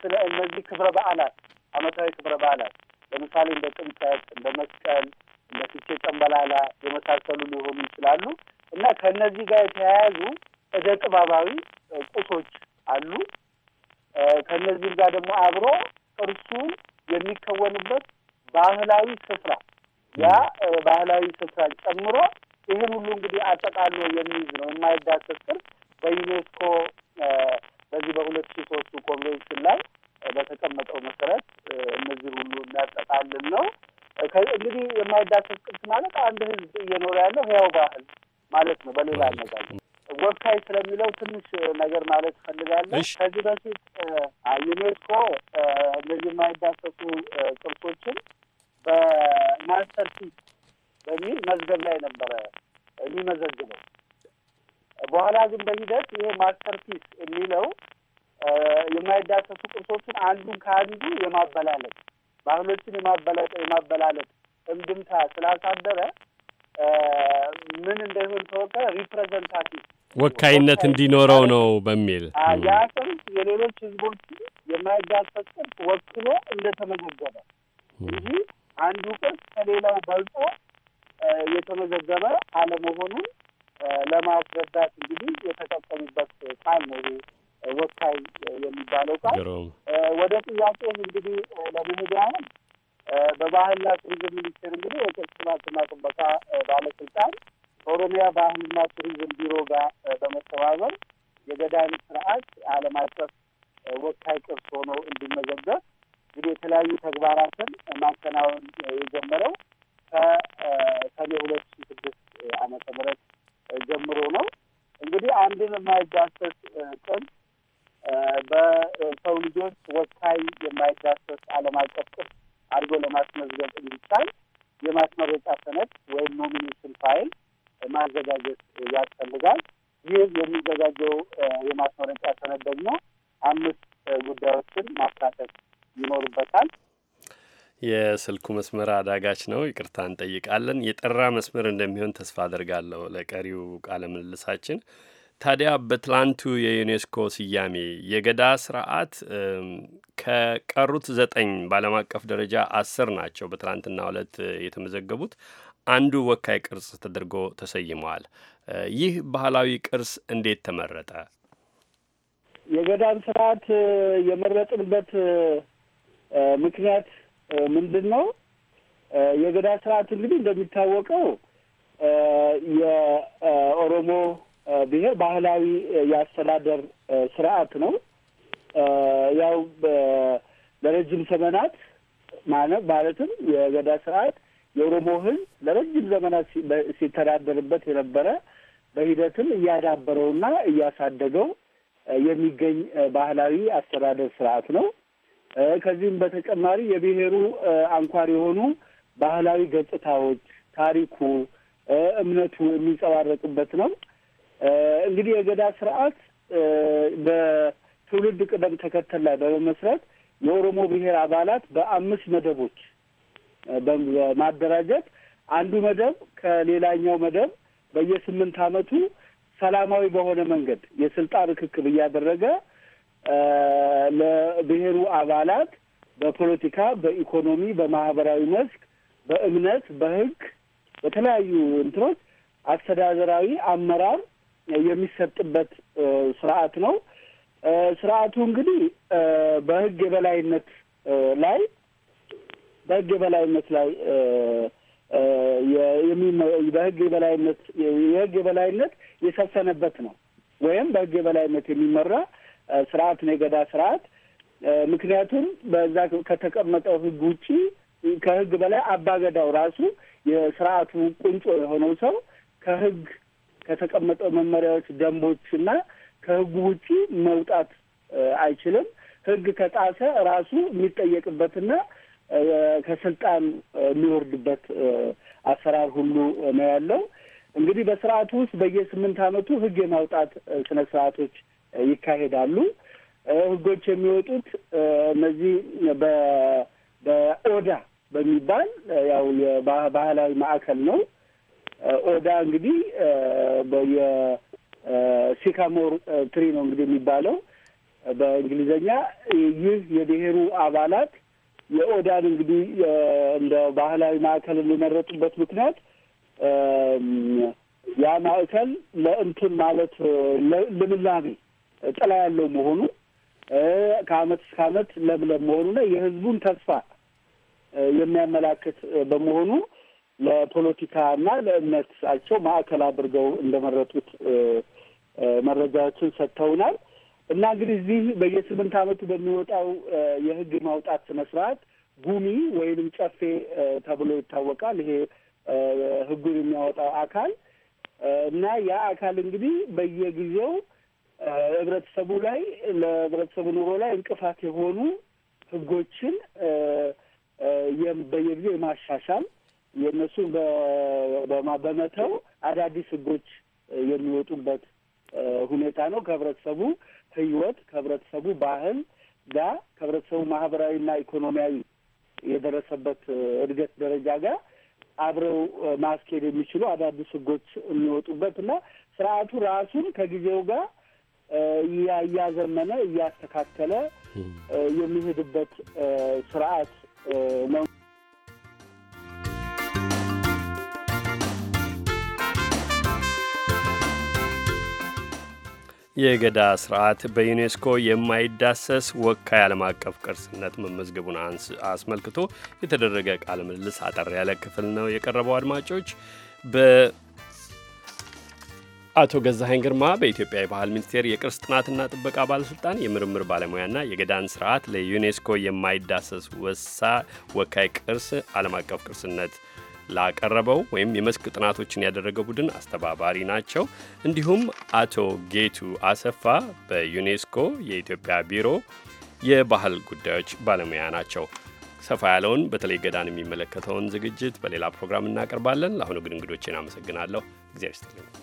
ስለ እነዚህ ክብረ በዓላት አመታዊ ክብረ በዓላት ለምሳሌ እንደ ጥምቀት፣ እንደ መስቀል፣ እንደ ፍቼ ጨምበላላ የመሳሰሉ ሊሆኑ ይችላሉ እና ከእነዚህ ጋር የተያያዙ እደ ጥበባዊ ቁሶች አሉ። ከእነዚህም ጋር ደግሞ አብሮ ቅርሱን የሚከወንበት ባህላዊ ስፍራ ያ ባህላዊ ስፍራ ጨምሮ ይህን ሁሉ እንግዲህ አጠቃሎ የሚይዝ ነው። የማይዳሰስ ቅርስ በዩኔስኮ በዚህ በሁለት ሺ ሶስቱ ኮንቬንሽን ላይ በተቀመጠው መሰረት እነዚህ ሁሉ የሚያጠቃልል ነው። እንግዲህ የማይዳሰስ ቅርስ ማለት አንድ ህዝብ እየኖረ ያለው ህያው ባህል ማለት ነው። በሌላ አነጋገር ወካይ ስለሚለው ትንሽ ነገር ማለት እፈልጋለሁ። ከዚህ በፊት ዩኔስኮ እነዚህ የማይዳሰሱ ቅርሶችን በማስተር ፒስ በሚል መዝገብ ላይ ነበረ የሚመዘግበው። በኋላ ግን በሂደት ይሄ ማስተር የሚለው የማይዳሰሱ ቅርሶችን አንዱን ከአንዱ የማበላለት ባህሎችን የማበላለት። እንድምታ ስላሳደረ ምን እንደሆን ተወከለ ሪፕሬዘንታቲቭ ወካይነት እንዲኖረው ነው በሚል ያ ስም የሌሎች ህዝቦች የማይጋሰስ ቅርስ ወክሎ እንደተመዘገበ እንጂ አንዱ ቅርስ ከሌላው በልጦ የተመዘገበ አለመሆኑን ለማስረዳት እንግዲህ የተጠቀሙበት ቃል ነው ወካይ የሚባለው ቃል። ወደ ጥያቄ እንግዲህ ለመሄድ ያህል በባህልና ቱሪዝም ሚኒስቴር እንግዲህ የቅርስ ጥናትና ጥበቃ ባለስልጣን ከኦሮሚያ ባህልና ቱሪዝም ቢሮ ጋር በመተባበር የገዳን ስርዓት ዓለም አቀፍ ወካይ ቅርስ ሆኖ እንዲመዘገብ እንግዲህ የተለያዩ ተግባራትን ማከናወን የጀመረው ከሰኔ ሁለት ሺ ስድስት ዓመተ ምህረት ጀምሮ ነው። እንግዲህ አንድን የማይዳሰስ ቅርስ በሰው ልጆች ወካይ የማይዳሰስ ዓለም አቀፍ ቅርስ አድርጎ ለማስመዝገብ እንዲቻል የማስመረጫ ሰነድ ወይም ኖሚኔሽን ፋይል ማዘጋጀት ያስፈልጋል። ይህ የሚዘጋጀው የማስመረጫ ሰነድ ደግሞ አምስት ጉዳዮችን ማካተት ይኖሩበታል። የስልኩ መስመር አዳጋች ነው፣ ይቅርታ እንጠይቃለን። የጠራ መስመር እንደሚሆን ተስፋ አድርጋለሁ ለቀሪው ቃለ ምልልሳችን። ታዲያ በትላንቱ የዩኔስኮ ስያሜ የገዳ ስርዓት ከቀሩት ዘጠኝ በዓለም አቀፍ ደረጃ አስር ናቸው በትላንትና ዕለት የተመዘገቡት አንዱ ወካይ ቅርጽ ተደርጎ ተሰይመዋል። ይህ ባህላዊ ቅርስ እንዴት ተመረጠ? የገዳን ስርዓት የመረጥንበት ምክንያት ምንድን ነው? የገዳ ስርዓት እንግዲህ እንደሚታወቀው የኦሮሞ ብሄር ባህላዊ የአስተዳደር ስርዓት ነው። ያው ለረጅም ዘመናት ማለት ማለትም የገዳ ስርዓት የኦሮሞ ህዝብ ለረጅም ዘመናት ሲተዳደርበት የነበረ በሂደትም እያዳበረውና እያሳደገው የሚገኝ ባህላዊ አስተዳደር ስርዓት ነው። ከዚህም በተጨማሪ የብሔሩ አንኳር የሆኑ ባህላዊ ገጽታዎች፣ ታሪኩ፣ እምነቱ የሚንጸባረቅበት ነው። እንግዲህ የገዳ ስርዓት በትውልድ ቅደም ተከተል ላይ በመመስረት የኦሮሞ ብሔር አባላት በአምስት መደቦች በማደራጀት አንዱ መደብ ከሌላኛው መደብ በየስምንት ዓመቱ ሰላማዊ በሆነ መንገድ የስልጣን ርክክብ እያደረገ ለብሔሩ አባላት በፖለቲካ፣ በኢኮኖሚ፣ በማህበራዊ መስክ፣ በእምነት፣ በህግ በተለያዩ እንትኖች አስተዳደራዊ አመራር የሚሰጥበት ስርዓት ነው። ስርዓቱ እንግዲህ በህግ የበላይነት ላይ በህግ የበላይነት ላይ በህግ የበላይነት የህግ የበላይነት የሰፈነበት ነው ወይም በህግ የበላይነት የሚመራ ስርዓት ነው የገዳ ስርዓት። ምክንያቱም በዛ ከተቀመጠው ህግ ውጪ ከህግ በላይ አባገዳው ራሱ የስርዓቱ ቁንጮ የሆነው ሰው ከህግ ከተቀመጠው መመሪያዎች፣ ደንቦች እና ከህጉ ውጪ መውጣት አይችልም። ህግ ከጣሰ ራሱ የሚጠየቅበትና ከስልጣን የሚወርድበት አሰራር ሁሉ ነው ያለው። እንግዲህ በስርዓቱ ውስጥ በየስምንት አመቱ ህግ የማውጣት ስነ ስርዓቶች ይካሄዳሉ። ህጎች የሚወጡት እነዚህ በኦዳ በሚባል ያው የባህላዊ ማዕከል ነው ኦዳ እንግዲህ በየሲካሞር ትሪ ነው እንግዲህ የሚባለው በእንግሊዝኛ። ይህ የብሔሩ አባላት የኦዳን እንግዲህ እንደ ባህላዊ ማዕከል የሚመረጡበት ምክንያት ያ ማዕከል ለእንትን ማለት ልምላሜ ጥላ ያለው መሆኑ ከአመት እስከ አመት ለምለም መሆኑና የህዝቡን ተስፋ የሚያመላክት በመሆኑ ለፖለቲካ እና ለእምነታቸው ማዕከል አድርገው እንደመረጡት መረጃዎችን ሰጥተውናል። እና እንግዲህ እዚህ በየስምንት ዓመቱ በሚወጣው የህግ ማውጣት ስነ ስርዓት ጉሚ ወይንም ጨፌ ተብሎ ይታወቃል። ይሄ ህጉን የሚያወጣው አካል እና ያ አካል እንግዲህ በየጊዜው ህብረተሰቡ ላይ ለህብረተሰቡ ኑሮ ላይ እንቅፋት የሆኑ ህጎችን በየጊዜው የማሻሻል የእነሱ በመተው አዳዲስ ህጎች የሚወጡበት ሁኔታ ነው። ከህብረተሰቡ ህይወት ከህብረተሰቡ ባህል ጋር ከህብረተሰቡ ማህበራዊና ኢኮኖሚያዊ የደረሰበት እድገት ደረጃ ጋር አብረው ማስኬድ የሚችሉ አዳዲስ ህጎች የሚወጡበት እና ስርዓቱ ራሱን ከጊዜው ጋር እያዘመነ እያስተካከለ የሚሄድበት ስርዓት ነው የገዳ ስርዓት በዩኔስኮ የማይዳሰስ ወካይ ዓለም አቀፍ ቅርስነት መመዝገቡን አስመልክቶ የተደረገ ቃለ ምልልስ አጠር ያለ ክፍል ነው የቀረበው። አድማጮች በአቶ ገዛሀኝ ግርማ በኢትዮጵያ የባህል ሚኒስቴር የቅርስ ጥናትና ጥበቃ ባለስልጣን የምርምር ባለሙያና የገዳን ስርዓት ለዩኔስኮ የማይዳሰስ ወሳ ወካይ ቅርስ ዓለም አቀፍ ቅርስነት ላቀረበው ወይም የመስክ ጥናቶችን ያደረገ ቡድን አስተባባሪ ናቸው። እንዲሁም አቶ ጌቱ አሰፋ በዩኔስኮ የኢትዮጵያ ቢሮ የባህል ጉዳዮች ባለሙያ ናቸው። ሰፋ ያለውን በተለይ ገዳን የሚመለከተውን ዝግጅት በሌላ ፕሮግራም እናቀርባለን። ለአሁኑ ግን እንግዶቼን አመሰግናለሁ። እግዚአብሔር ይስጥልኝ።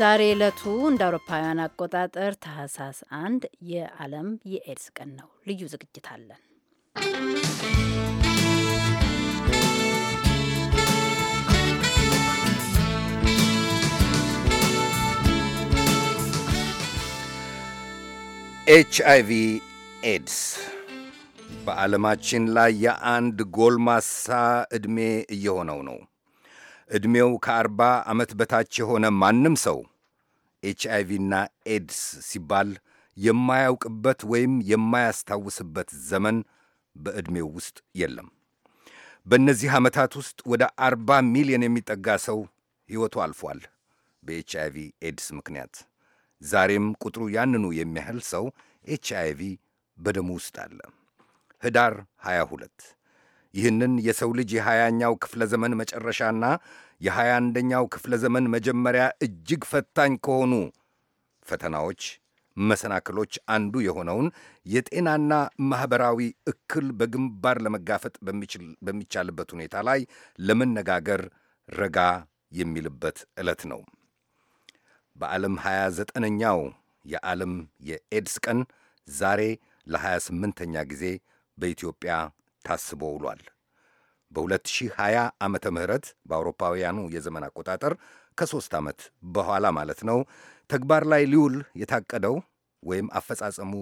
ዛሬ ዕለቱ እንደ አውሮፓውያን አቆጣጠር ታህሳስ አንድ የዓለም የኤድስ ቀን ነው። ልዩ ዝግጅት አለን። ኤች አይ ቪ ኤድስ በዓለማችን ላይ የአንድ ጎልማሳ ዕድሜ እየሆነው ነው። ዕድሜው ከአርባ ዓመት በታች የሆነ ማንም ሰው ኤች አይቪና ኤድስ ሲባል የማያውቅበት ወይም የማያስታውስበት ዘመን በዕድሜው ውስጥ የለም። በእነዚህ ዓመታት ውስጥ ወደ አርባ ሚሊዮን የሚጠጋ ሰው ሕይወቱ አልፏል በኤች አይቪ ኤድስ ምክንያት። ዛሬም ቁጥሩ ያንኑ የሚያህል ሰው ኤች አይቪ በደሙ ውስጥ አለ። ህዳር 22 ይህንን የሰው ልጅ የሀያኛው ክፍለ ዘመን መጨረሻና የሀያ አንደኛው ክፍለ ዘመን መጀመሪያ እጅግ ፈታኝ ከሆኑ ፈተናዎች መሰናክሎች አንዱ የሆነውን የጤናና ማኅበራዊ እክል በግንባር ለመጋፈጥ በሚቻልበት ሁኔታ ላይ ለመነጋገር ረጋ የሚልበት ዕለት ነው። በዓለም 29ኛው የዓለም የኤድስ ቀን ዛሬ ለ28ኛ ጊዜ በኢትዮጵያ ታስቦ ውሏል። በ2020 ዓመተ ምህረት በአውሮፓውያኑ የዘመን አቆጣጠር ከሦስት ዓመት በኋላ ማለት ነው ተግባር ላይ ሊውል የታቀደው ወይም አፈጻጸሙ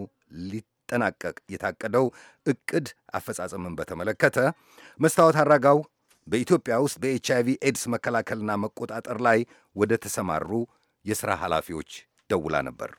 ሊጠናቀቅ የታቀደው እቅድ አፈጻጸምን በተመለከተ መስታወት አራጋው በኢትዮጵያ ውስጥ በኤች አይቪ ኤድስ መከላከልና መቆጣጠር ላይ ወደ ተሰማሩ የሥራ ኃላፊዎች ደውላ ነበር።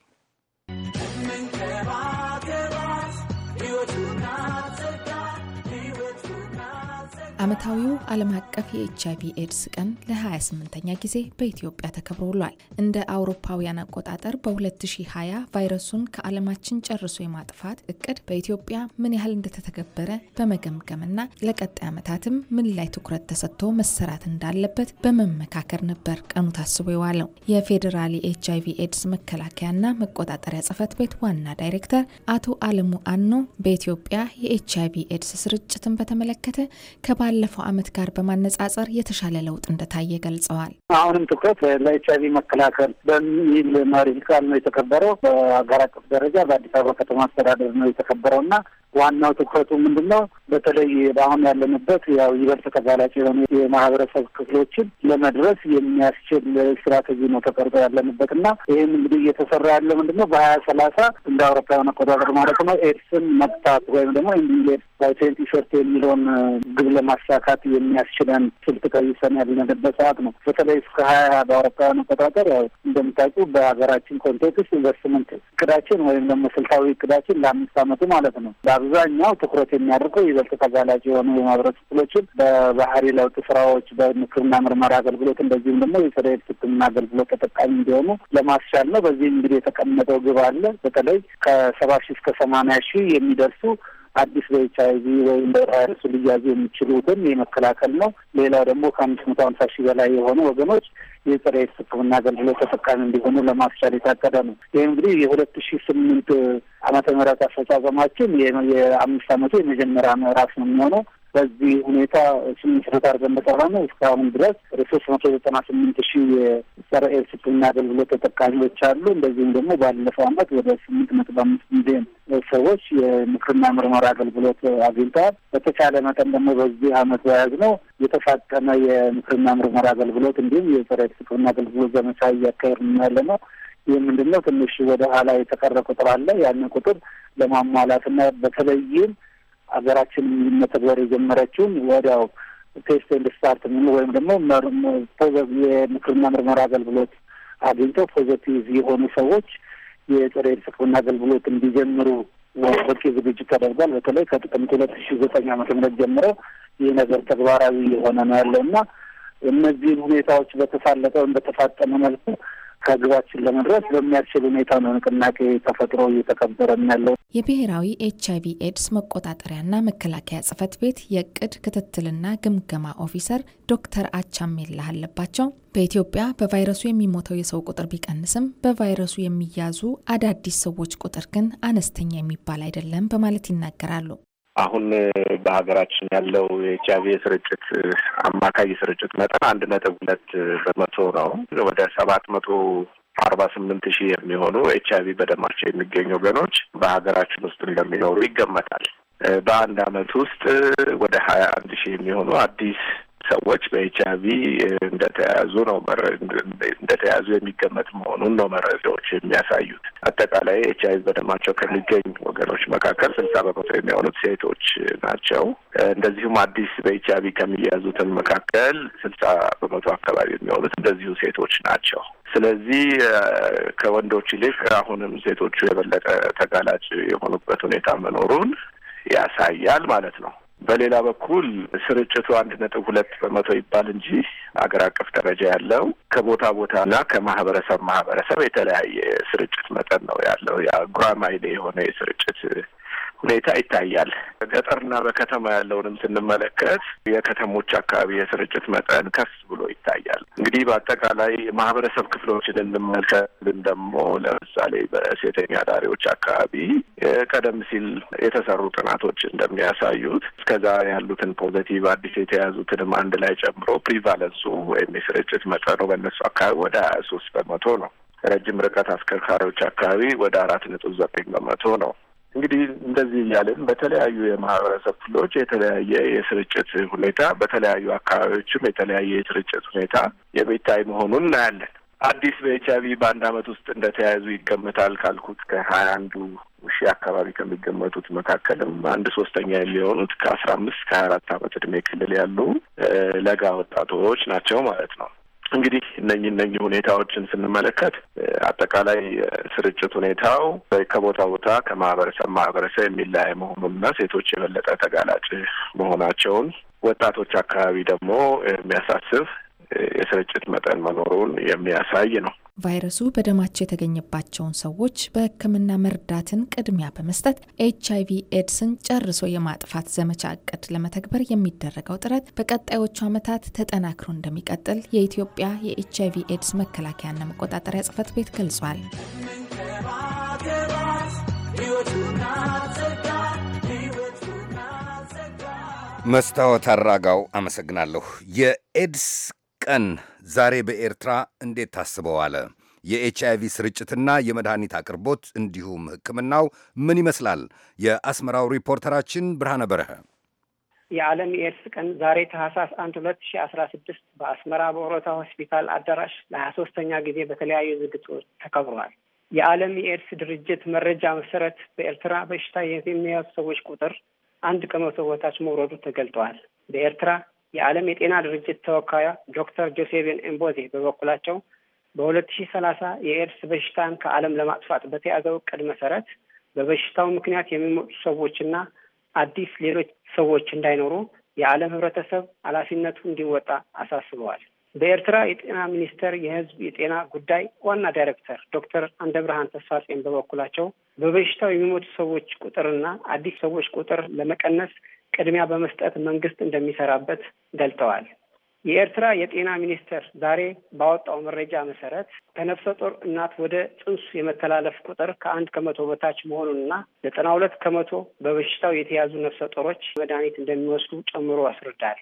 ዓመታዊው ዓለም አቀፍ የኤች አይቪ ኤድስ ቀን ለ28ኛ ጊዜ በኢትዮጵያ ተከብሮ ውሏል። እንደ አውሮፓውያን አቆጣጠር በ2020 ቫይረሱን ከዓለማችን ጨርሶ የማጥፋት እቅድ በኢትዮጵያ ምን ያህል እንደተተገበረ በመገምገምና ለቀጣይ ዓመታትም ምን ላይ ትኩረት ተሰጥቶ መሰራት እንዳለበት በመመካከር ነበር ቀኑ ታስቦ የዋለው። የፌዴራል የኤች አይቪ ኤድስ መከላከያና መቆጣጠሪያ ጽህፈት ቤት ዋና ዳይሬክተር አቶ አለሙ አኖ በኢትዮጵያ የኤች አይቪ ኤድስ ስርጭትን በተመለከተ ከባ ከባለፈው ዓመት ጋር በማነጻጸር የተሻለ ለውጥ እንደታየ ገልጸዋል። አሁንም ትኩረት ለኤች አይቪ መከላከል በሚል መሪ ቃል ነው የተከበረው። በሀገር አቀፍ ደረጃ በአዲስ አበባ ከተማ አስተዳደር ነው የተከበረው እና ዋናው ትኩረቱ ምንድን ነው? በተለይ በአሁን ያለንበት ያው ይበልጥ ተጋላጭ የሆኑ የማህበረሰብ ክፍሎችን ለመድረስ የሚያስችል ስትራቴጂ ነው ተቀርጦ ያለንበት እና ይህም እንግዲህ እየተሰራ ያለ ምንድን ነው በሀያ ሰላሳ እንደ አውሮፓውያን አቆጣጠር ማለት ነው ኤድስን መጥታት ወይም ደግሞ ኢንግሊዝ ባይቴንቲ ሶርት የሚለውን ግብ ለማሳካት የሚያስችለን ስልት ቀይሰን ያለንበት ሰዓት ነው። በተለይ እስከ ሀያ በአውሮፓውያን አቆጣጠር ያው እንደምታውቁ በሀገራችን ኮንቴክስት ኢንቨስትመንት እቅዳችን ወይም ደግሞ ስልታዊ እቅዳችን ለአምስት አመቱ ማለት ነው አብዛኛው ትኩረት የሚያደርገው ይበልጥ ተጋላጭ የሆኑ የማህበረሰብ ክፍሎችን በባህሪ ለውጥ ስራዎች፣ በምክርና ምርመራ አገልግሎት እንደዚሁም ደግሞ የተለያዩ ሕክምና አገልግሎት ተጠቃሚ እንዲሆኑ ለማስቻል ነው። በዚህ እንግዲህ የተቀመጠው ግብ አለ። በተለይ ከሰባ ሺህ እስከ ሰማንያ ሺህ የሚደርሱ አዲስ በኤች አይ ቪ ወይም በቫይረሱ ሊያዙ የሚችሉትን የመከላከል ነው። ሌላው ደግሞ ከአምስት መቶ ሀምሳ ሺህ በላይ የሆኑ ወገኖች የጸረ ኤድስ ሕክምና አገልግሎት ተጠቃሚ እንዲሆኑ ለማስቻል የታቀደ ነው። ይህ እንግዲህ የሁለት ሺህ ስምንት ዓመተ ምህረት አፈጻጸማችን የአምስት ዓመቱ የመጀመሪያ ምዕራፍ ነው የሚሆነው በዚህ ሁኔታ ስምንት መቶ አርገን በጠራ ነው እስካሁን ድረስ ወደ ሶስት መቶ ዘጠና ስምንት ሺህ የጸረ ኤድስ ሕክምና አገልግሎት ተጠቃሚዎች አሉ። እንደዚሁም ደግሞ ባለፈው ዓመት ወደ ስምንት መቶ በአምስት ሚሊዮን ሰዎች የምክርና ምርመራ አገልግሎት አግኝተዋል። በተቻለ መጠን ደግሞ በዚህ ዓመት ነው የተፋጠመ የምክርና ምርመራ አገልግሎት እንዲሁም የጸረ ኤድስ ሕክምና አገልግሎት ዘመቻ እያካሄድን ያለ ነው። ይህ ምንድን ነው? ትንሽ ወደ ኋላ የተቀረ ቁጥር አለ። ያንን ቁጥር ለማሟላትና በተለይም ሀገራችን መተግበር የጀመረችውን ወዲያው ቴስት ኤንድ ስታርት ምን ወይም ደግሞ የምክርና ምርመራ አገልግሎት አግኝተው ፖዘቲቭ የሆኑ ሰዎች የጥሬ ኤድስ ሕክምና አገልግሎት እንዲጀምሩ በቂ ዝግጅት ተደርጓል። በተለይ ከጥቅምት ሁለት ሺ ዘጠኝ ዓመተ ምህረት ጀምሮ ይህ ነገር ተግባራዊ የሆነ ነው ያለው እና እነዚህን ሁኔታዎች በተሳለጠ ወይም በተፋጠመ መልኩ ከግባችን ለመድረስ በሚያስችል ሁኔታ ነው ንቅናቄ ተፈጥሮ እየተከበረ ያለው። የብሔራዊ ኤች አይቪ ኤድስ መቆጣጠሪያና መከላከያ ጽህፈት ቤት የእቅድ ክትትልና ግምገማ ኦፊሰር ዶክተር አቻሜላ አለባቸው በኢትዮጵያ በቫይረሱ የሚሞተው የሰው ቁጥር ቢቀንስም በቫይረሱ የሚያዙ አዳዲስ ሰዎች ቁጥር ግን አነስተኛ የሚባል አይደለም በማለት ይናገራሉ። አሁን በሀገራችን ያለው የኤች አይቪ የስርጭት አማካይ የስርጭት መጠን አንድ ነጥብ ሁለት በመቶ ነው። ወደ ሰባት መቶ አርባ ስምንት ሺህ የሚሆኑ ኤች አይቪ በደማቸው የሚገኙ ወገኖች በሀገራችን ውስጥ እንደሚኖሩ ይገመታል። በአንድ አመት ውስጥ ወደ ሀያ አንድ ሺህ የሚሆኑ አዲስ ሰዎች በኤች አይቪ እንደተያዙ ነው እንደተያዙ የሚገመት መሆኑን ነው መረጃዎች የሚያሳዩት። አጠቃላይ ኤች አይቪ በደማቸው ከሚገኝ ወገኖች መካከል ስልሳ በመቶ የሚሆኑት ሴቶች ናቸው። እንደዚሁም አዲስ በኤች አይቪ ከሚያዙትን መካከል ስልሳ በመቶ አካባቢ የሚሆኑት እንደዚሁ ሴቶች ናቸው። ስለዚህ ከወንዶች ይልቅ አሁንም ሴቶቹ የበለጠ ተጋላጭ የሆኑበት ሁኔታ መኖሩን ያሳያል ማለት ነው። በሌላ በኩል ስርጭቱ አንድ ነጥብ ሁለት በመቶ ይባል እንጂ አገር አቀፍ ደረጃ ያለው ከቦታ ቦታ እና ከማህበረሰብ ማህበረሰብ የተለያየ ስርጭት መጠን ነው ያለው። ያ ጉራማይሌ የሆነ የስርጭት ሁኔታ ይታያል። ገጠርና በከተማ ያለውንም ስንመለከት የከተሞች አካባቢ የስርጭት መጠን ከፍ ብሎ ይታያል። እንግዲህ በአጠቃላይ ማህበረሰብ ክፍሎችን እንመልከትም ደግሞ ለምሳሌ በሴተኛ ዳሪዎች አካባቢ ቀደም ሲል የተሰሩ ጥናቶች እንደሚያሳዩት እስከዛ ያሉትን ፖዘቲቭ አዲስ የተያዙትንም አንድ ላይ ጨምሮ ፕሪቫለንሱ ወይም የስርጭት መጠኑ በእነሱ አካባቢ ወደ ሀያ ሶስት በመቶ ነው። ረጅም ርቀት አስከርካሪዎች አካባቢ ወደ አራት ነጥብ ዘጠኝ በመቶ ነው። እንግዲህ እንደዚህ እያለን በተለያዩ የማህበረሰብ ክፍሎች የተለያየ የስርጭት ሁኔታ፣ በተለያዩ አካባቢዎችም የተለያየ የስርጭት ሁኔታ የሚታይ መሆኑን እናያለን። አዲስ በኤች አይቪ በአንድ አመት ውስጥ እንደተያያዙ ይገመታል ካልኩት ከሀያ አንዱ ሺ አካባቢ ከሚገመቱት መካከልም አንድ ሶስተኛ የሚሆኑት ከአስራ አምስት ከሀያ አራት አመት እድሜ ክልል ያሉ ለጋ ወጣቶች ናቸው ማለት ነው። እንግዲህ እነኝ እነኝ ሁኔታዎችን ስንመለከት አጠቃላይ ስርጭት ሁኔታው ከቦታ ቦታ ከማህበረሰብ ማህበረሰብ የሚለያይ መሆኑንና ሴቶች የበለጠ ተጋላጭ መሆናቸውን ወጣቶች አካባቢ ደግሞ የሚያሳስብ የስርጭት መጠን መኖሩን የሚያሳይ ነው። ቫይረሱ በደማቸው የተገኘባቸውን ሰዎች በሕክምና መርዳትን ቅድሚያ በመስጠት ኤች አይቪ ኤድስን ጨርሶ የማጥፋት ዘመቻ እቅድ ለመተግበር የሚደረገው ጥረት በቀጣዮቹ ዓመታት ተጠናክሮ እንደሚቀጥል የኢትዮጵያ የኤች አይቪ ኤድስ መከላከያና መቆጣጠሪያ ጽሕፈት ቤት ገልጿል። መስታወት አራጋው አመሰግናለሁ። የኤድስ ቀን ዛሬ በኤርትራ እንዴት ታስበዋለ? የኤች አይቪ ስርጭትና የመድኃኒት አቅርቦት እንዲሁም ሕክምናው ምን ይመስላል? የአስመራው ሪፖርተራችን ብርሃነ በረኸ የዓለም የኤድስ ቀን ዛሬ ታህሳስ አንድ ሁለት ሺ አስራ ስድስት በአስመራ በኦሮታ ሆስፒታል አዳራሽ ለሀያ ሶስተኛ ጊዜ በተለያዩ ዝግጦች ተከብሯል። የዓለም የኤድስ ድርጅት መረጃ መሰረት በኤርትራ በሽታ የሚያዙ ሰዎች ቁጥር አንድ ከመቶ በታች መውረዱ ተገልጠዋል። በኤርትራ የዓለም የጤና ድርጅት ተወካዩ ዶክተር ጆሴቪን ኤምቦዜ በበኩላቸው በሁለት ሺ ሰላሳ የኤድስ በሽታን ከዓለም ለማጥፋት በተያዘው እቅድ መሰረት በበሽታው ምክንያት የሚሞቱ ሰዎችና አዲስ ሌሎች ሰዎች እንዳይኖሩ የዓለም ህብረተሰብ ኃላፊነቱ እንዲወጣ አሳስበዋል። በኤርትራ የጤና ሚኒስቴር የህዝብ የጤና ጉዳይ ዋና ዳይሬክተር ዶክተር አንደብርሃን ተስፋጼን በበኩላቸው በበሽታው የሚሞቱ ሰዎች ቁጥርና አዲስ ሰዎች ቁጥር ለመቀነስ ቅድሚያ በመስጠት መንግስት እንደሚሰራበት ገልጠዋል። የኤርትራ የጤና ሚኒስቴር ዛሬ ባወጣው መረጃ መሰረት ከነፍሰ ጡር እናት ወደ ጽንሱ የመተላለፍ ቁጥር ከአንድ ከመቶ በታች መሆኑንና ዘጠና ሁለት ከመቶ በበሽታው የተያዙ ነፍሰ ጡሮች መድኃኒት እንደሚወስዱ ጨምሮ አስረዳል።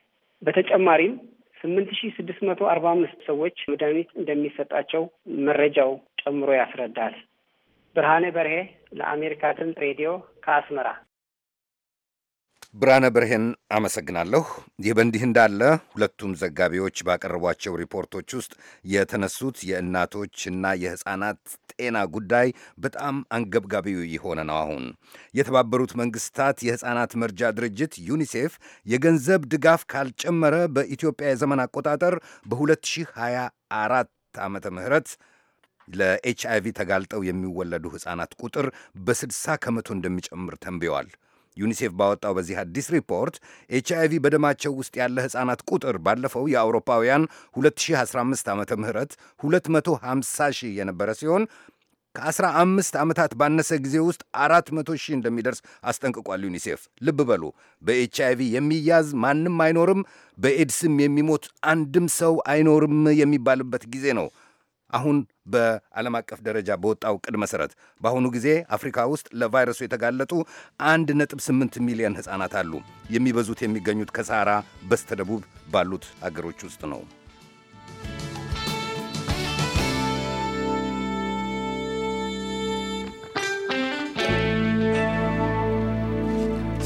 በተጨማሪም ስምንት ሺ ስድስት መቶ አርባ አምስት ሰዎች መድኃኒት እንደሚሰጣቸው መረጃው ጨምሮ ያስረዳል። ብርሃኔ በርሄ ለአሜሪካ ድምፅ ሬዲዮ ከአስመራ ብርሃነ ብርሄን አመሰግናለሁ። ይህ በእንዲህ እንዳለ ሁለቱም ዘጋቢዎች ባቀረቧቸው ሪፖርቶች ውስጥ የተነሱት የእናቶችና የሕፃናት ጤና ጉዳይ በጣም አንገብጋቢው የሆነ ነው። አሁን የተባበሩት መንግስታት የሕፃናት መርጃ ድርጅት ዩኒሴፍ የገንዘብ ድጋፍ ካልጨመረ በኢትዮጵያ የዘመን አቆጣጠር በ2024 ዓመተ ምህረት ለኤችአይቪ ተጋልጠው የሚወለዱ ሕፃናት ቁጥር በ60 ከመቶ እንደሚጨምር ተንብየዋል። ዩኒሴፍ ባወጣው በዚህ አዲስ ሪፖርት ኤች አይቪ በደማቸው ውስጥ ያለ ሕፃናት ቁጥር ባለፈው የአውሮፓውያን 2015 ዓ ም 250 ሺህ የነበረ ሲሆን ከ15 ዓመታት ባነሰ ጊዜ ውስጥ 400 ሺህ እንደሚደርስ አስጠንቅቋል ዩኒሴፍ። ልብ በሉ በኤች አይቪ የሚያዝ ማንም አይኖርም፣ በኤድስም የሚሞት አንድም ሰው አይኖርም የሚባልበት ጊዜ ነው አሁን በዓለም አቀፍ ደረጃ በወጣው ዕቅድ መሠረት በአሁኑ ጊዜ አፍሪካ ውስጥ ለቫይረሱ የተጋለጡ 1.8 ሚሊዮን ሕፃናት አሉ። የሚበዙት የሚገኙት ከሳራ በስተደቡብ ባሉት አገሮች ውስጥ ነው።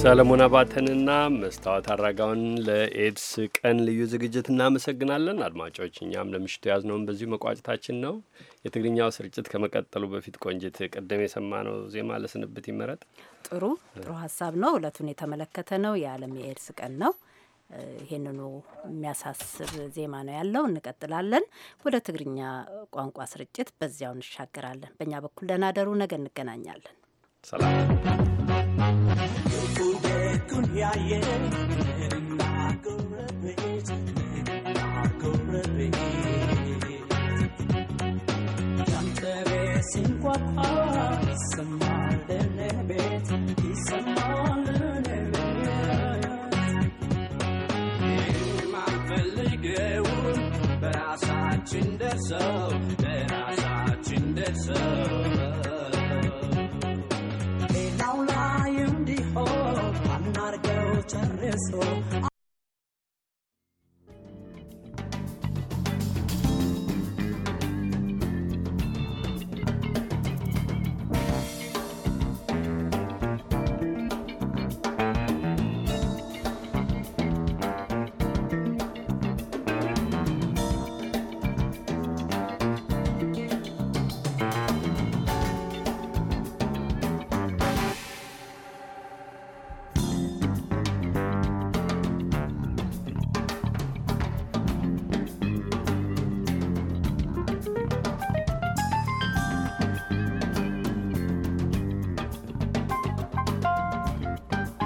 ሰለሞን አባተንና መስታወት አራጋውን ለኤድስ ቀን ልዩ ዝግጅት እናመሰግናለን። አድማጮች፣ እኛም ለምሽቱ ነውን በዚሁ መቋጨታችን ነው። የትግርኛው ስርጭት ከመቀጠሉ በፊት ቆንጅት፣ ቅድም የሰማነው ዜማ ለስንብት ይመረጥ። ጥሩ ጥሩ ሀሳብ ነው። እለቱን የተመለከተ ነው። የዓለም የኤድስ ቀን ነው። ይህንኑ የሚያሳስብ ዜማ ነው ያለው። እንቀጥላለን። ወደ ትግርኛ ቋንቋ ስርጭት በዚያው እንሻገራለን። በእኛ በኩል ደህና ደሩ። ነገ እንገናኛለን። ሰላም kunyaye Nagorabit Nagorabit Jantere sinkwapa Samal denebit Isamal But I saw Chinder so, then I saw Chinder so. Chalezo